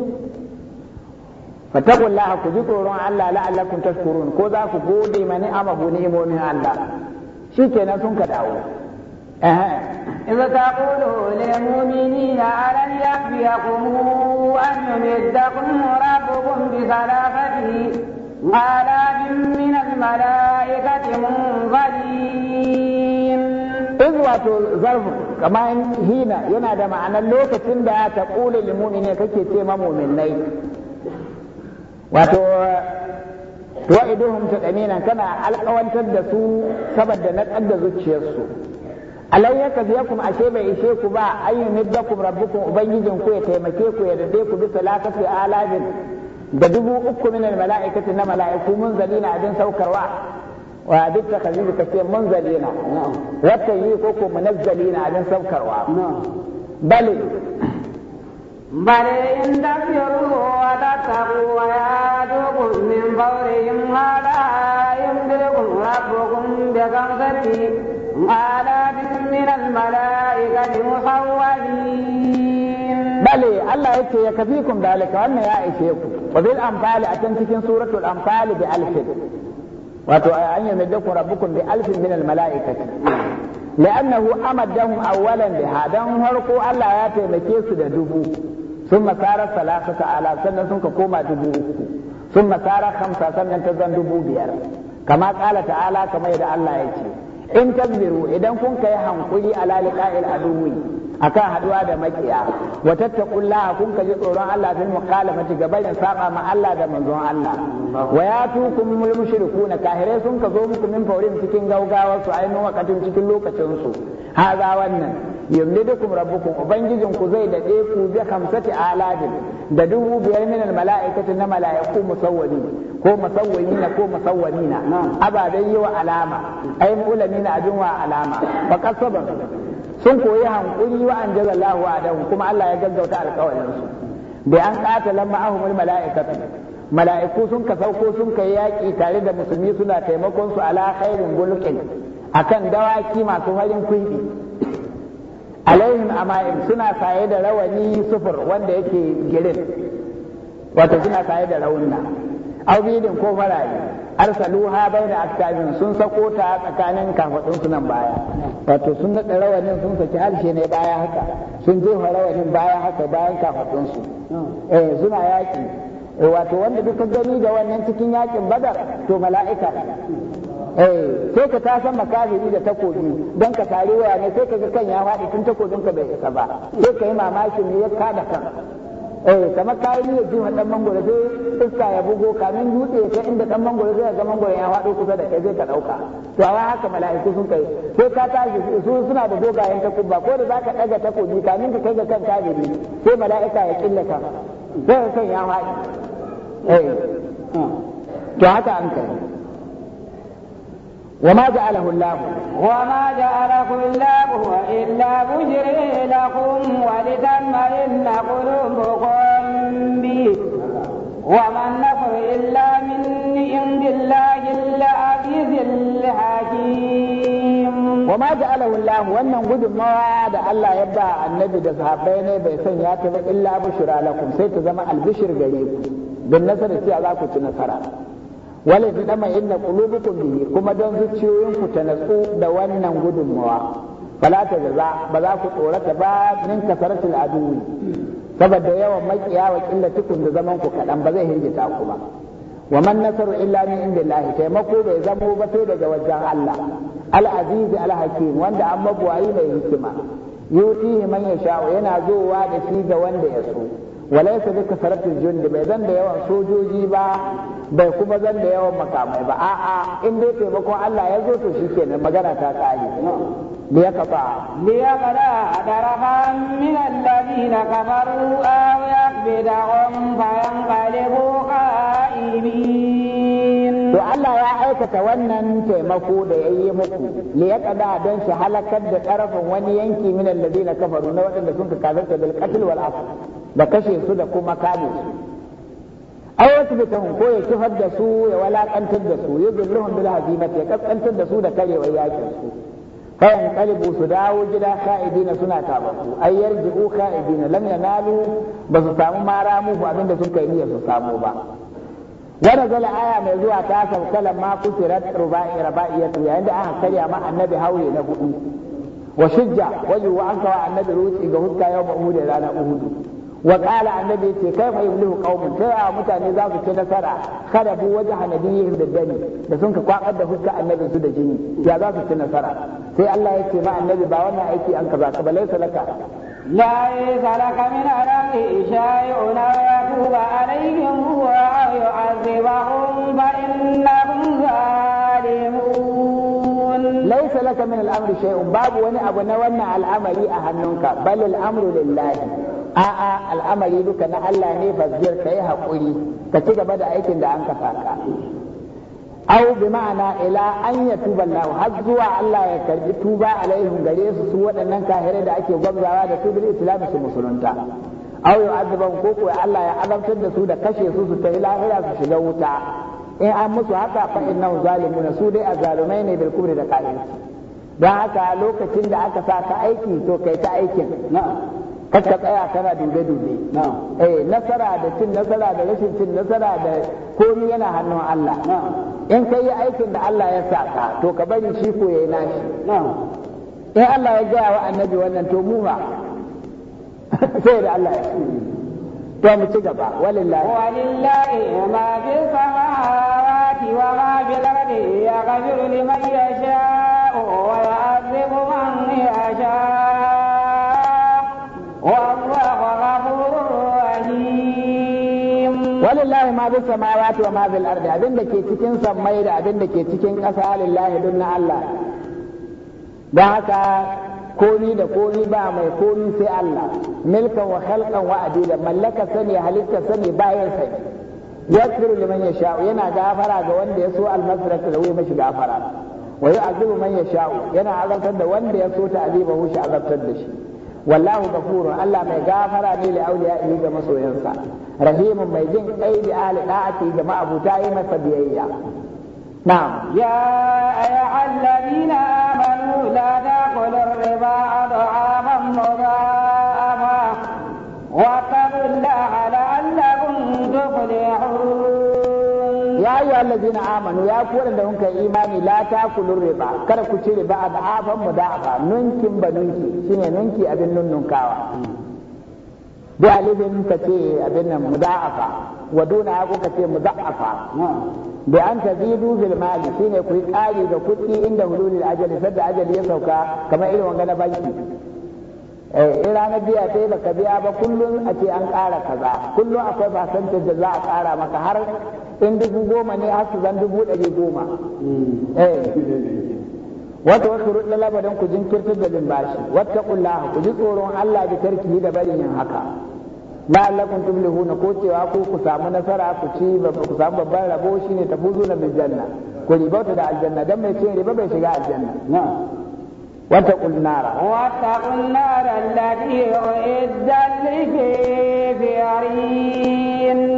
fatakullaha ku ji tsoron Allah la'allakum tashkurun ko za ku gode mani amahu ni'imomin Allah kenan sun ka dawo إذا تقولوا للمؤمنين ألم يكفيكم أن يمدكم ربكم بثلاثة آلاف من الملائكة منفرين in wato zarf kamar hina yana da ma'anar lokacin da ta ƙule ne kake ce ma muminai wato wa'iduhum taqamina kana alƙawantar da su saboda na da zuciyarsu alau yakziyakum ashe bai ishe ku ba ayyumiddakum rabbukum ubangijin ku ya taimake ku ya dade ku bisa lakafi alajin da dubu uku min mala'ikati na mala'iku mun zalina abin saukarwa wa duk ta kalilu ka ce manzalina wata yi ko ko munazzalina abin saukarwa bali bali in da fiyaru wa da ta wa ya dogo min baurihim ma da yin bilkun rabbukum bi gamzati ma da bin min al malaikati musawwalin bali Allah yake ya kafikum dalika wannan ya ishe ku wa bil anfali a can cikin suratul anfali bi alfin wato an yi najjakun rabbukun bi alfin min almala'ikati la'annahu amaddahum awwalan biha dan harko Allah ya taimake su da dubu sun masara salasa ta'ala sannan sun ka koma dubu uku sun masara hamsa sannan ta zan dubu biyar kama kala ta'ala kama yadda Allah ya ce in tasbiru idan kun kai hankuli ala liqa'il aduwi akan haduwa da makiya wa tattaqullaha kun kaji tsoron Allah fil gaba gabanin saba ma Allah da manzon Allah wa yatukum mul na kahirai sun ka zo muku min faurin cikin gaugawa su ainihin wakatin cikin lokacin su haza wannan yumdidukum rabbukum ubangijin ku zai dade ku bi hamsati aladin da dubu biyar min al mala'ikati na mala'iku musawwani, ko musawwani na, ko na, na yi wa alama ai mulamina ajin wa alama fa sun koyi hankuri wa an jaza Allahu adahu kuma Allah ya gaggauta alƙawarin su bi an lamma ahumul mala'ikatu mala'iku sun ka sauko sun kai yaƙi tare da musulmi suna taimakon su ala khairin gulqin akan dawaki masu farin kunki alaihim ama'im suna saye da rawani sufur wanda yake girin wato suna saye da rawunna aubidin ko faraye arsaluha bayna aktabin sun sako ta tsakanin kafadun su nan baya wato sun da rawanin sun saki harshe ne baya haka sun je rawanin baya haka bayan kafadun su eh suna yaki eh, wato wanda duka gani da wannan cikin yakin badar to mala'ika eh sai ka ta san makafiri da takobi don ka tarewa ne sai ka ga kan ya faɗi tun takobin ka bai isa ba sai ka yi mamakin ne ya kada kan eh kamar kayan niyyar jima dan mangoro sai iska ya bugo kamin dutse ya kai inda ɗan mangoro sai ga mangoro ya faɗo kusa da kai zai ka ɗauka to a haka mala'iku sun kai sai ka tashi su suna da dogayen takubba ko da zaka ɗaga takobi kamin ka kai ga kan kafiri sai mala'ika ya killata zai san ya faɗi eh to haka an kai وما جعله الله وما جعله الله إلا بشر لكم إن قلوبكم به وما النصر إلا من عند الله العزيز الحكيم وما جعله الله وأن نقول ما وعد الله يبدا النبي بين بيسن ياتي إلا بشرى لكم سيتزمع البشر قريب بالنصر سيعلاكم في نصرانه wala fi dama inna qulubukum bihi kuma don zuciyoyin ku ta natsu da wannan gudunmawa fala ta jaza ba za ku tsorata ba min kasaratil aduwi saboda yawan makiya wa killatikun da zaman ku kadan ba zai hirgita ku ba wa man nasaru illa min indillahi taimako bai zamo ba sai daga wajen Allah al azizi al hakim wanda an mabuwayi mai hikima yutihi man yasha yana zowa da shi ga wanda ya so walai sa duka sarafin jundi bai zan da yawan sojoji ba bai kuma zan da yawan makamai ba a'a in dai taimakon Allah ya zo to shikenan magana ta kare ليقطع ليقطع طرفا من الذين كفروا أو يكبدهم فينقلبوا خائبين to Allah ya aikata wannan taimako da ya yi muku li kada don shi halakar da tarafin wani yanki min alladhina kafaru na waɗanda sun ka kafirta bil qatl wal asr da kashe su da kuma kare su An wasu bita ko ya kifar da su ya walakantar da su yanzu ruhun bil hazima ya kaskantar da su da karewa yakin su fa kalibu su dawo gida kaidina suna tabasu ai yarji'u kaidina lamya yanalu ba su samu maramu ba abinda sun kai niyyar su samu ba Wani nazala aya mai zuwa ta sabkala ma kusirat ruba'i raba'iyatu yayin da aka karya ma annabi haure na hudu wa shujja wajhu anka wa annabi ruci ga hukka yau ba mu da rana hudu wa qala annabi ce kai fa yublu qaumun sai a mutane za su ci nasara kada bu waje hanabiyihim da dani da sun ka kwakar da fuska annabi su da jini ya za su ci nasara sai Allah yace ma annabi ba wannan aiki an kaza ka balai salaka ليس لك من الأمر شيء أو يتوب عليهم أو يعذبهم فإنهم ليس لك من الأمر شيء باب وني أبو نوانا الأمر أهنك بل الأمر لله a'a al'amari duka na Allah ne ka yi hakuri ka ci gaba da aikin da an kafa ka au bi ma'ana ila an ya tuba Allah har zuwa Allah ya karbi tuba alaihim gare su su waɗannan kahirai da ake gwamzawa da su bil islam su musulunta au azaban ko ko Allah ya azabtar da su da kashe su su tafi lahira su shiga wuta in an musu haka fa innahu zalimun su dai azalumai ne bil kubri da kafirci don haka lokacin da aka sa ka aiki to kai ta aikin na'am kakka tsaya kana dube dube eh nasara da cin nasara da rashin cin nasara da komi yana hannun Allah in kai yi aikin da Allah ya sa ka, to ka bari shi ko yayi nashi in Allah ya gaya wa annabi wannan to mu ba sai da Allah ya to mu ci gaba walillahi walillahi ma bi samawati wa ma bi ardi yaghfiru liman yasha'u wa yu'adhibu man yasha'u والله غفور rahim walillahi ma bis samawati wa ma bil ardi abin da ke cikin sammai da abin da ke cikin ƙasa lillahi dun na Allah don haka komi da komi ba mai komi sai Allah milkan wa khalqan wa adila mallaka sani halitta sani bayan sani yaghfiru liman yasha yana gafara ga wanda ya so masrak da wai mashi gafara wa yu'adhibu man yasha yana azabtar da wanda ta ta'dibahu shi azabtar da shi والله غفور الا ما غفر لي لأولياء إيجا مسوء ينسى رحيم ما يجين أي بآل آتي جماعة بتايمة فبيئية نعم يا أيها الذين آمنوا لا تأكلوا الربا أضعافا مضاعفا واتقوا الله لعلكم تفلحون ya yi allazina amanu ya ku waɗanda kun kai imani la takulur riba kada ku ci riba da afan mu da afa nunkin ba nunki shine nunki abin nunnunkawa bi alifin ka ce abin nan muda'afa wa duna haku ka ce muda'afa bi an tazidu bil mali shine ku yi ƙari da kuɗi inda hululil ajali sadda ajali ya sauka kamar irin wanga na banki eh, in ranar biya sai baka biya ba kullum a an ƙara kaza kullum akwai fasantan da za a ƙara maka har in dubu goma ne har su zan dubu ɗari goma eh. wata wasu rudda labarin ku jinkirtar da bashi, wata kulla ku ji tsoron Allah da tarki da barin yin haka Na la'allakum huna ko cewa ko ku samu nasara ku ci ku samu babban rabo shi ne shine tafuzuna bin janna ku ta da aljanna don mai ce riba bai shiga aljanna na'am واتقوا النار واتقوا النار التي lafiya biyari.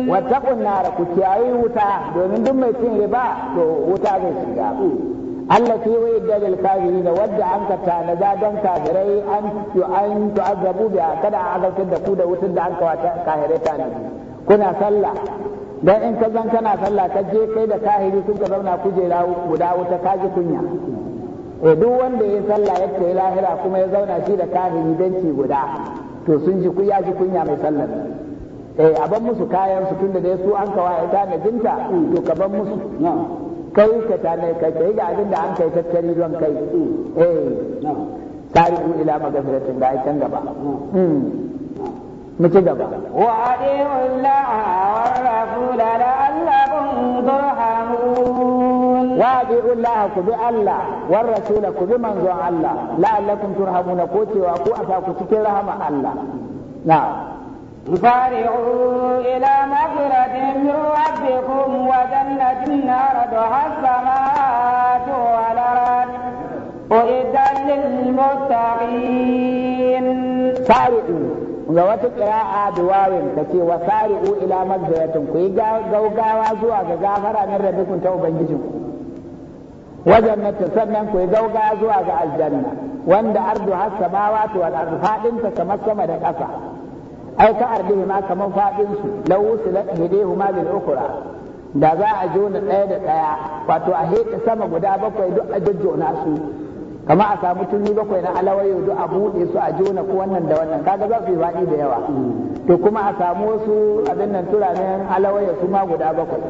wattaqun da ku kiyaye wuta domin duk mai cin riba to wuta zai shiga Allah allati wa'idda kafiri da wadda an ka tanada don kafirai an an azabu da kada a azabtar da ku da wutar da an ka wata kafirai tanadi kuna sallah dan in ka zan kana sallah ka je kai da kahiri sun ka zauna kujera guda wuta ka ji kunya eh duk wanda ya sallah ya ce lahira kuma ya zauna shi da kahiri danci guda to sun ji ku ya ji kunya mai sallar eh a ban musu kayan su tunda dai su an kawa ita na jinta to ka ban musu kai ka ta ne kai kai ga abin da an kai tattari don kai eh tarihu ila magaziratin da ai gaba hmm. mu ci gaba wa adiullaha wa rasula la'allakum turhamun wa adiullaha ku bi Allah war rasula ku bi manzon Allah la'allakum turhamuna ko cewa ku asa ku cikin rahama Allah na'am سارعوا إلى مغفرة من ربكم وجنة السماوات والأرض للمتقين ga wata ƙira'a da wawin ta ce wa ila magzaratin ku yi gaugawa zuwa ga rabbikun ta ubangijin wajen nata sannan ku yi gaugawa zuwa ga aljanna wanda ardu has samawati kamar sama da ƙasa ai ka ardihi ma kaman fadin su law wusilat hidehu ma bil ukra da za a jona ɗaya da ɗaya wato a heka sama guda bakwai duk a jajjona su kama a samu tuni bakwai na alawayo duk a buɗe su a jona ko wannan da wannan kaga za su yi faɗi da yawa to kuma a samu wasu abin nan turanen alawayo su ma guda bakwai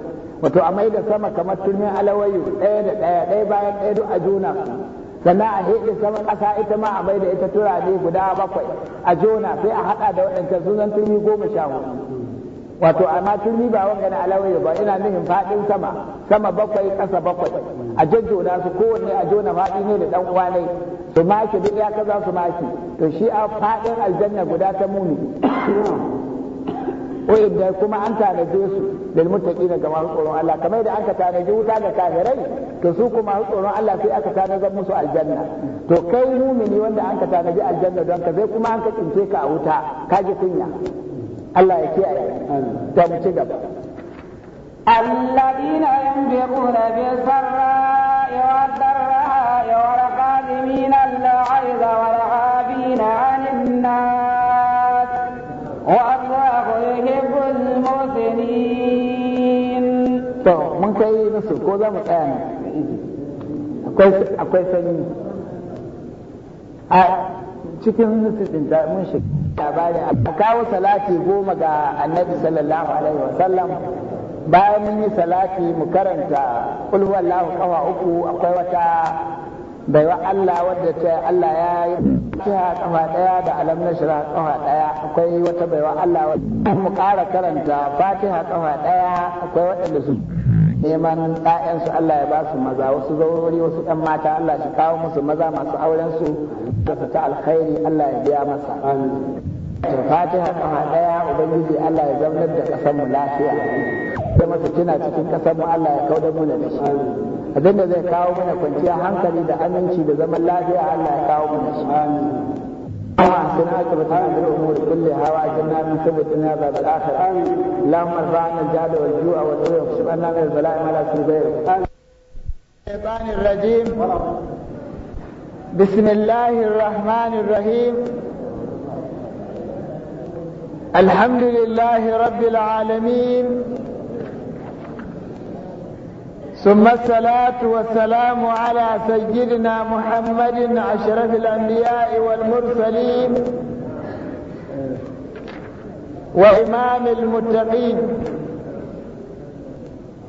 wato a mai da sama kamar tunin alawayo ɗaya da ɗaya ɗaya bayan ɗaya duk a jona su sannan a heɗe saman ƙasa ita ma a mai da ita turare guda bakwai a jona sai a haɗa da waɗancan sunan turmi goma sha hudu wato amma turmi ba wanga na alawai ba ina nufin faɗin sama sama bakwai ƙasa bakwai a jajjona su kowanne a jona faɗi ne da ɗan uwa ne su mashi duk ya kaza su mashi to shi a faɗin aljanna guda ta muni wanda kuma an tanaje su da mutaki ga masu tsoron Allah kamar da an ka tanaji wuta ga kafirai to su kuma masu Allah sai aka tanaje musu aljanna to kai mumini wanda an ka tanaji aljanna don ka zai kuma an ka tsince ka a wuta ka ji kunya Allah ya kiyaye ta mu ci gaba الذين ينفقون بالسراء والدراء والقادمين الغيظ والعافين عن الناس والله يحب المحسنين to a cikin salati goma ga annabi sallallahu wa bayan mun yi salati mu karanta uku akwai wata baiwa Allah wadda ta Allah ya yi ta kafa daya da alam kafa daya akwai wata baiwa Allah mu ƙara karanta fatiha kafa ɗaya akwai waɗanda su neman ɗayansu Allah ya ba su maza wasu zaurori wasu ɗan mata Allah shi kawo musu maza masu auren su da ta alkhairi Allah ya biya masa fatiha kafa ɗaya ubangiji Allah ya zaunar da ƙasar mu lafiya da masu tuna cikin ƙasar mu Allah ya kauda mu da shi Abinda zai kawo mana kwanciyar hankali da aminci da zaman lafiya Allah ya kawo mu da shi واحسن عاقبتنا في الامور كلها واجعلنا من شر الدنيا بعد الاخره اللهم ارفع عنا الجهل والجوع والسوء واكشف عنا من البلاء ما لا يكشف غيرك الشيطان الرجيم بسم الله الرحمن الرحيم الحمد لله رب العالمين ثم الصلاة والسلام على سيدنا محمد أشرف الأنبياء والمرسلين وإمام المتقين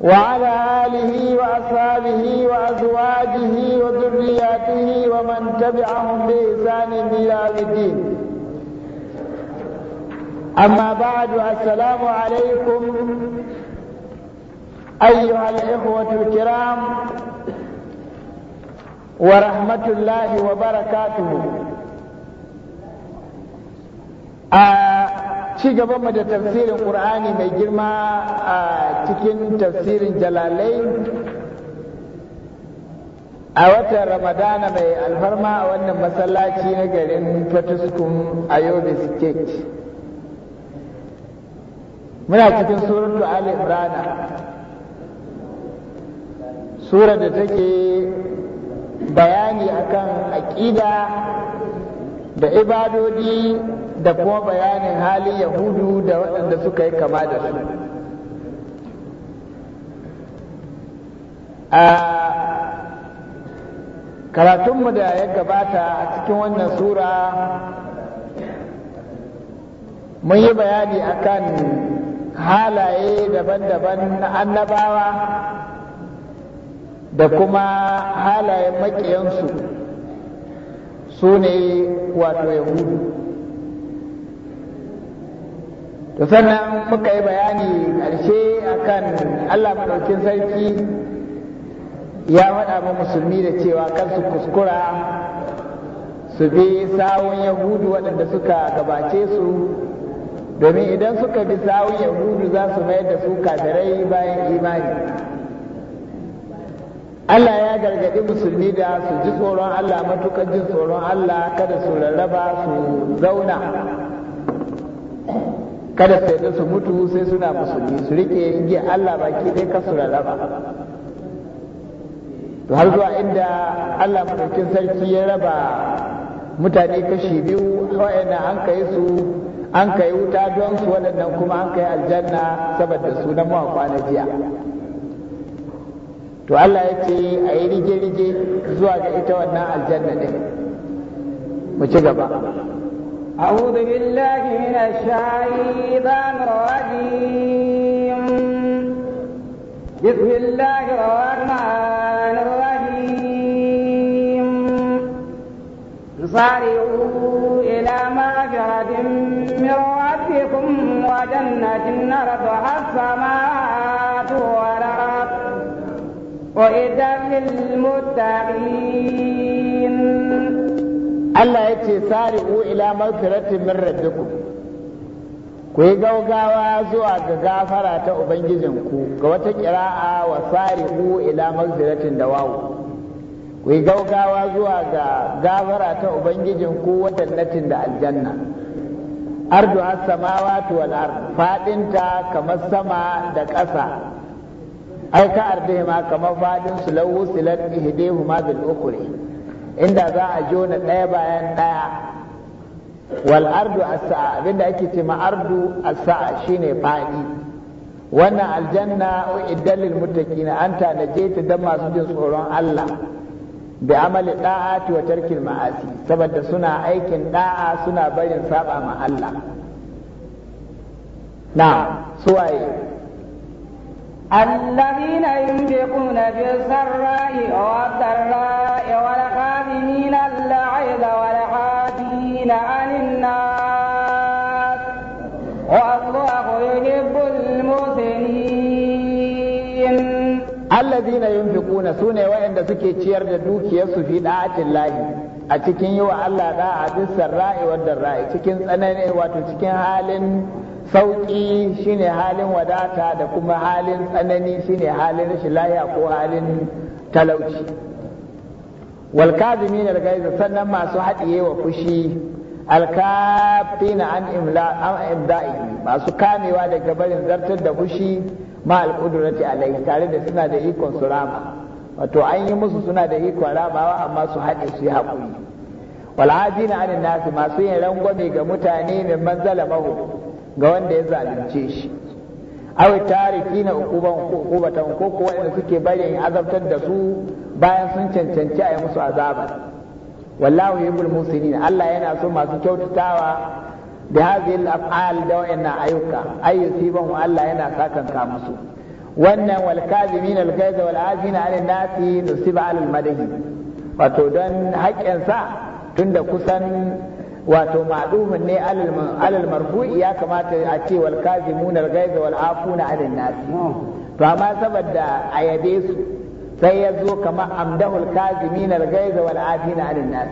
وعلى آله وأصحابه وأزواجه وذرياته ومن تبعهم بإحسان إلى الدين أما بعد السلام عليكم أيها الإخوة الكرام ورحمة الله وبركاته ci gaban mu da tafsirin ƙur'ani mai girma a cikin tafsirin jalalai a watan ramadana mai alfarma a wannan masallaci na garin fatiskun a yobe state muna cikin suratu ali imrana surar da take bayani akan aƙida da ibadodi da kuma bayanin halin yahudu da waɗanda suka yi kama da su a karatunmu da ya gabata a cikin wannan sura mun yi bayani akan halaye daban-daban na annabawa da kuma halayen maƙiyansu su ne wato yahudu Ta sannan muka yi bayani ƙarshe akan allah maɗaukin sarki ya faɗa ma musulmi da cewa su kuskura su bi sawun yahudu waɗanda suka gabace su domin idan suka bi sawun yahudu za su mayar da su kadarai bayan imani Allah ya gargaɗi musulmi da su ji tsoron Allah matukan jin tsoron Allah kada su rarraba su zauna kada su yadda su mutu sai suna musulmi su rike inge Allah baki dai ka su rarraba to har zuwa inda Allah mutukin sarki ya raba mutane kashi biyu wa'annan an kai su an kai wuta don su waɗannan kuma an kai aljanna saboda sunan mawa jiya to Allah ya ce a yi rige-rige zuwa ga ita wannan aljanna ɗin mu ci gaba أعوذ بالله من الشيطان الرجيم بسم الله الرحمن الرحيم سارعوا إلى مغفرة من ربكم وجنة أرضها السماوات والأرض وإذا للمتقين Allah ya ce sari'u ila magfiratin min rabbikum ku yi gaugawa zuwa ga gafara ta ubangijinku ga wata kira'a wa sari'u ila magfiratin da wawu ku yi gaugawa zuwa ga gafara ta ubangijinku watannatin da aljanna ardu as-samawati wal ard fadinta kamar sama da ƙasa ai ka arbe ma kamar fadin su lau wusilat ihdehu ma bil inda za a jona ɗaya bayan ɗaya wal ardu as abinda ake ce ma ardu as-sa'a shine fadi wannan aljanna uiddat lil muttaqina an tanaje ta dan masu jin tsoron Allah bi amali da'ati wa tarkil ma'asi saboda suna aikin da'a suna barin saba ma Allah na suwaye الذين ينفقون في السراء والضراء والخافين الغيظ والحافين عن الناس والله يحب المحسنين الذين ينفقون سنة وإن سكي تشير دوك يسفي دعاة الله a cikin yi wa Allah da'a bin sarra'i wa darra'i cikin tsanani wato cikin halin Sauki shine halin wadata da kuma halin tsanani shine halin rashin lahiya ko halin talauci walkazimin algaiza sannan masu haɗiye wa fushi alkafina an imda'i masu kamewa daga barin zartar da fushi ma alƙudurati alaihi tare da suna da ikon su rama wato an yi musu suna da ikon ramawa amma su haɗe su yi haƙuri na anin nasu masu yin rangwame ga mutane min manzala mahu ga wanda ya zalunce shi awai tarifi na ukuban ko ko wanda suke barin azabtar da su bayan sun cancanci a yi musu azaba wallahu yuhibbul musinin Allah yana so masu kyautatawa da hadhihi al da wa'anna ayyuka ayyusibahu Allah yana sakanka musu wannan wal kadhimin al ghaiz wal afina 'ala nasi nusiba al-madahi wato don haƙƙinsa tunda kusan wato ma'duhun ne alal marfu'i ya kamata a ce wal kazimuna al ghaiza wal afuna 'anil nas ba ma saboda ayabe su sai ya zo kamar amdahul kazimina al ghaiza wal afina 'anil nas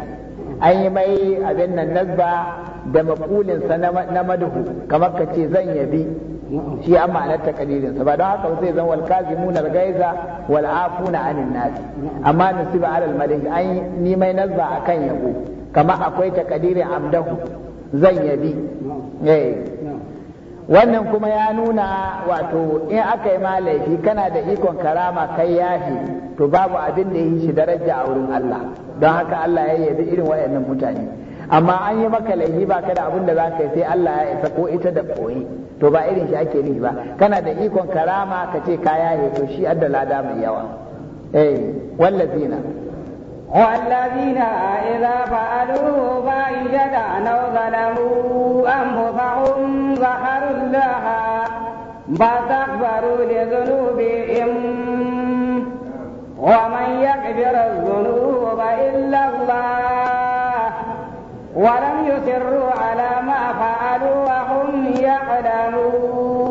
an yi mai abin nan nazba da makulinsa na maduhu kamar ka ce zan yabi shi an ma'anar takalirinsa ba don haka sai zan wal kazimuna al gaiza wal afuna anin nas amma nasiba alal madahi an yi mai nazba akan yabo kamar akwai takadirin amdahu zan yabi eh. wannan kuma ya nuna wato in aka yi ma laifi kana da ikon karama kai yafi to babu abin da yi shi daraja a wurin Allah don haka Allah ya yabi irin wayannan mutane amma an yi maka laifi ba ka da abin da za ka yi sai Allah ya isa ko ita da koyi to ba irin shi ake yi ba kana da ikon karama ka ce ka yahi, to shi adda lada mai yawa eh wallazina والذين إذا فعلوا فاحشة أو ظلموا أنفسهم ظهروا الله فاستغفروا لذنوبهم ومن يكبر الذنوب إلا الله ولم يصروا على ما فعلوا وهم يعلمون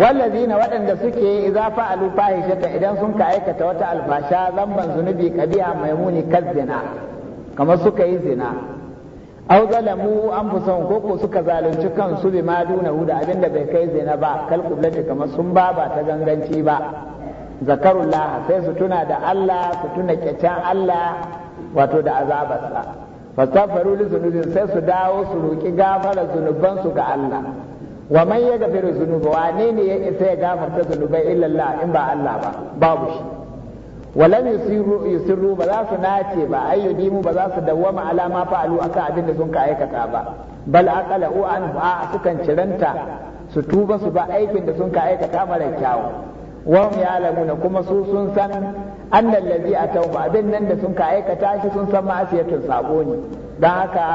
wallazina waɗanda suke idza fa'alu fahishata idan sun ka aikata wata albasha zamban zunubi kabiha maimuni kazzina kamar suka yi zina aw zalamu anfusahum ko ko suka zalunci kansu bi ma duna huda abinda bai kai zina ba kal qiblati kamar sun ba ba ta ganganci ba zakarullah sai su tuna da Allah su tuna kyacen Allah wato da azabarsa fastaghfiru li zunubin sai su dawo su roki gafara zunubansu ga Allah wa man ya gafiru zunuba wane ne ya isa ya gafarta zunubai illallah in ba Allah ba babu shi lam yusiru yusiru ba za su nace ba dimu ba za su dawwama ala ma fa'alu akan abin da sun ka aikata ba bal aqala u an a sukan ciranta su tuba su ba aikin da sun ka aikata mara kyau. wa hum ya'lamuna kuma su sun san annal ladzi atau abin nan da sun ka aikata shi sun san ma'asiyatun sabo ne da haka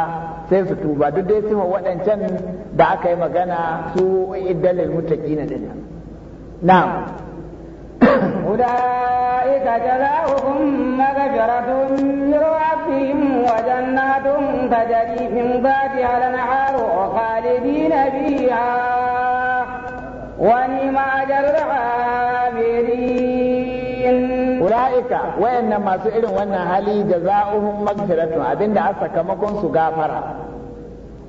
sai su tuba duk dai su waɗancan da aka yi magana su in dalilin mutu ta jina da ni, na. Ku da yi tajara ukun maga shara sun yi ruwa sun a can na biya wani ma'ajar da ulaika wayannan masu irin wannan hali da za'uhum magfiratun abinda a sakamakon su gafara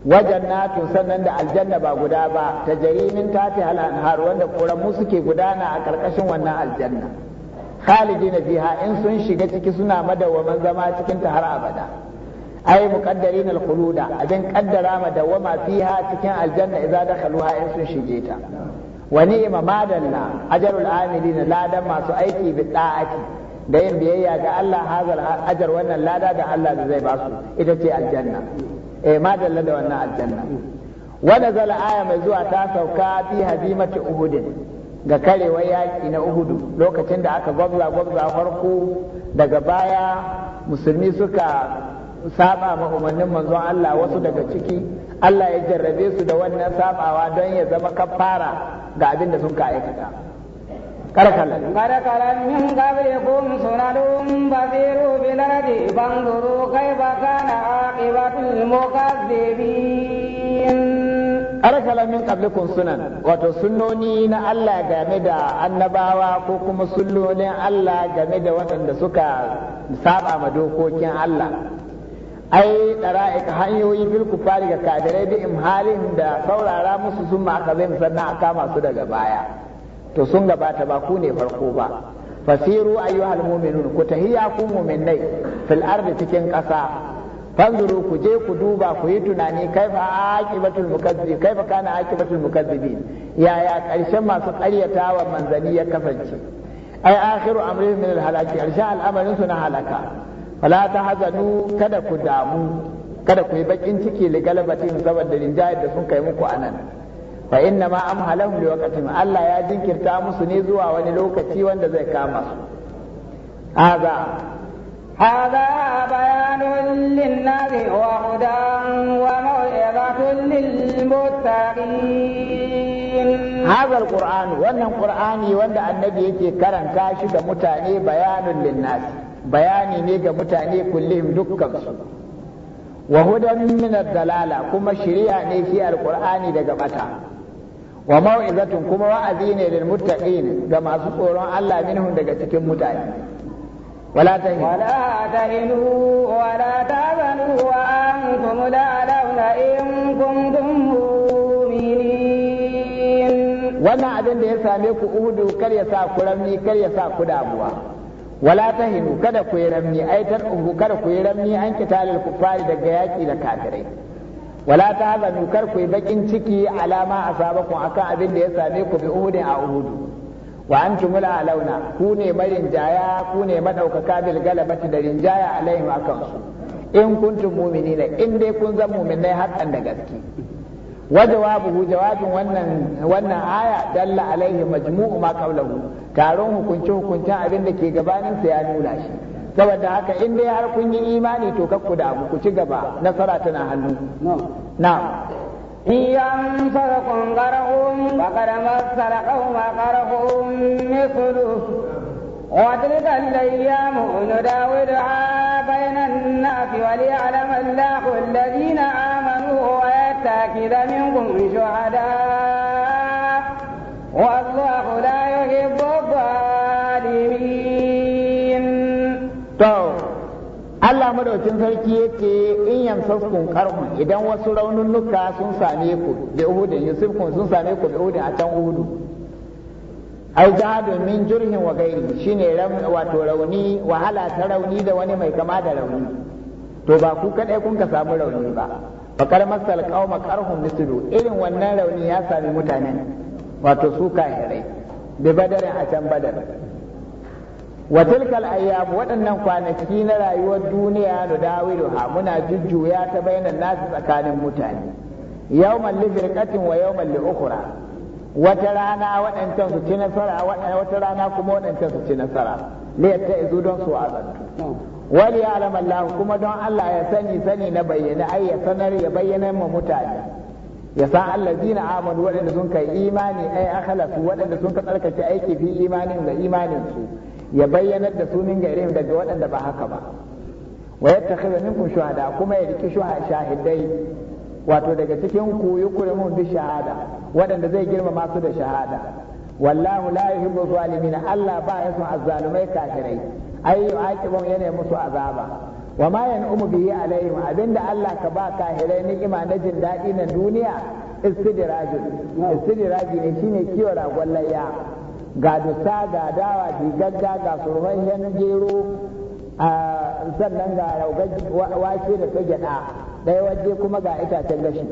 natu sannan da aljanna ba guda ba ta jarimin tafi hal wanda wanda mu suke gudana a karkashin wannan aljanna na fiha in sun shiga ciki suna madawwaman zama cikin ta har abada ai muqaddarin alkhuluda abin kaddara madawwama fiha cikin aljanna idza dakhaluha in sun shige ta wa ni'ma madalla ajrul amilina ladan masu aiki bi da'ati da yin biyayya ga Allah hazar ajar wannan lada da Allah da zai basu ita ce aljanna eh dalla da wannan aljanna wanda zala aya mai zuwa ta sauka fi hazimati uhud ga karewar yaƙi na uhudu lokacin da aka gwabza gwabza farko daga baya musulmi suka saba ma umarnin manzon Allah wasu daga ciki Allah ya jarrabe su da wannan sabawa don ya zama kafara ga abin da sun ka aikata karakalan karakalan min qablikum sunanun min sunan wato sunoni na Allah game da annabawa ko kuma sunnonin Allah game da waɗanda suka saba ma dokokin Allah ai ɗara'ika hanyoyi fil kufari ga kadirai bi imhalin da saurara musu sun ma aka sannan a kama su daga baya to sun gabata ba ku ne farko ba fasiru ayyuhal mu'minun ku tahiya ku mu'minai fil ardi cikin ƙasa fanzuru ku je ku duba ku yi tunani kaifa aqibatul mukazzib kaifa kana aqibatul mukazzibin yaya karshen masu ƙaryatawa manzani ya kasance ai akhiru amrin min alhalaki arsha al'amarin su na halaka fala tahzanu kada ku damu kada ku yi bakin ciki li galabatin saboda rinjayar da sun kai muku anan fa inna ma amhalahum liwaqatin Allah ya jinkirta musu ne zuwa wani lokaci wanda zai kama su hada hada bayanun linnasi wa hudan wa maw'izatun lilmuttaqin hada alquran wannan qur'ani wanda annabi yake karanta shi ga mutane bayanun linnasi bayani ne ga mutane kullum dukkan su wa hudan min dalala kuma shari'a ne shi alqur'ani daga bata wa mau'izatun kuma wa'azi ne lil muttaqin ga masu tsoron Allah minhum daga cikin mutane wala tahinu wala tahinu wala tazanu wa antum la launa in kuntum mu'minin wannan abin da ya same ku uhudu kar ya sa ku ramni kar ya sa ku damuwa wala tahinu kada ku yi ramni ai tar'uhu kada ku yi ramni an kitalil kufari daga yaki da kafirai wala ta hazanu kar ku yi bakin ciki alama asabakum akan abin da ya same ku bi uhudin a uhudu wa antum la launa ku ne marin jaya ku ne madaukaka bil galabati da rinjaya alaihim akan su in kuntum mu'minina in dai kun zama mu'minai hakan da gaske wa jawabuhu jawabin wannan wannan aya dalla alaihi majmu'u ma qablahu taron hukunce hukuncin abin da ke gabanin sa ya nuna shi saboda haka in dai har kun yi imani to kakku da ku ci gaba nasara tana hannu na إن صدقهم قرهم فقد مصر قوم قرهم مثله وتلك الأيام نداولها بين الناس وليعلم الله الذين آمنوا ويتخذ منكم شهداء والله لا Allah madaukin sarki yake in yamsaskun karhu idan wasu raununnuka sun same ku da Uhudin Yusufkun sun same ku da Uhudin a can Uhudu ai jahadun min jurhin wa gairi shine wato rauni wahala ta rauni da wani mai kama da rauni to ba ku kadai kun ka samu rauni ba bakar masal qauma karhun mislu irin wannan rauni ya sami mutanen wato su kahirai bi badarin a can badar wa tilkal ayyam waɗannan kwanaki na rayuwar duniya da dawiluha muna jujjuya ta bainan nasu tsakanin mutane Yau, li firqatin wa yawman li ukhra wata rana waɗancan su ci nasara wata rana kuma waɗancan su ci nasara ta izu don su azantu wali ya'lam Allah kuma don Allah ya sani sani na bayyana ai ya sanar ya bayyana mu mutane ya san allazina amanu waɗanda sun kai imani ai akhlasu waɗanda sun ka tsarkake aiki fi imanin ga imanin su ya bayyanar da su min daga waɗanda ba haka ba wa yattakhidha minkum shahada kuma ya riki shahidai wato daga cikin ku yukrimun bi shahada waɗanda zai girmama su da shahada wallahu la yuhibbu zalimin Allah ba ya son azzalumai kafirai ai yu'aqibum yana musu azaba wa ma yan'umu bihi alaihim abinda Allah ka ba kafirai ni'ima na jin daɗi na duniya istidrajin istidraji ne shine kiwon ragon layya ga dusa ga dawa gagga ga surfahen gero sannan ga raugar wake da ta gyaɗa ɗaya waje kuma ga itacen gashi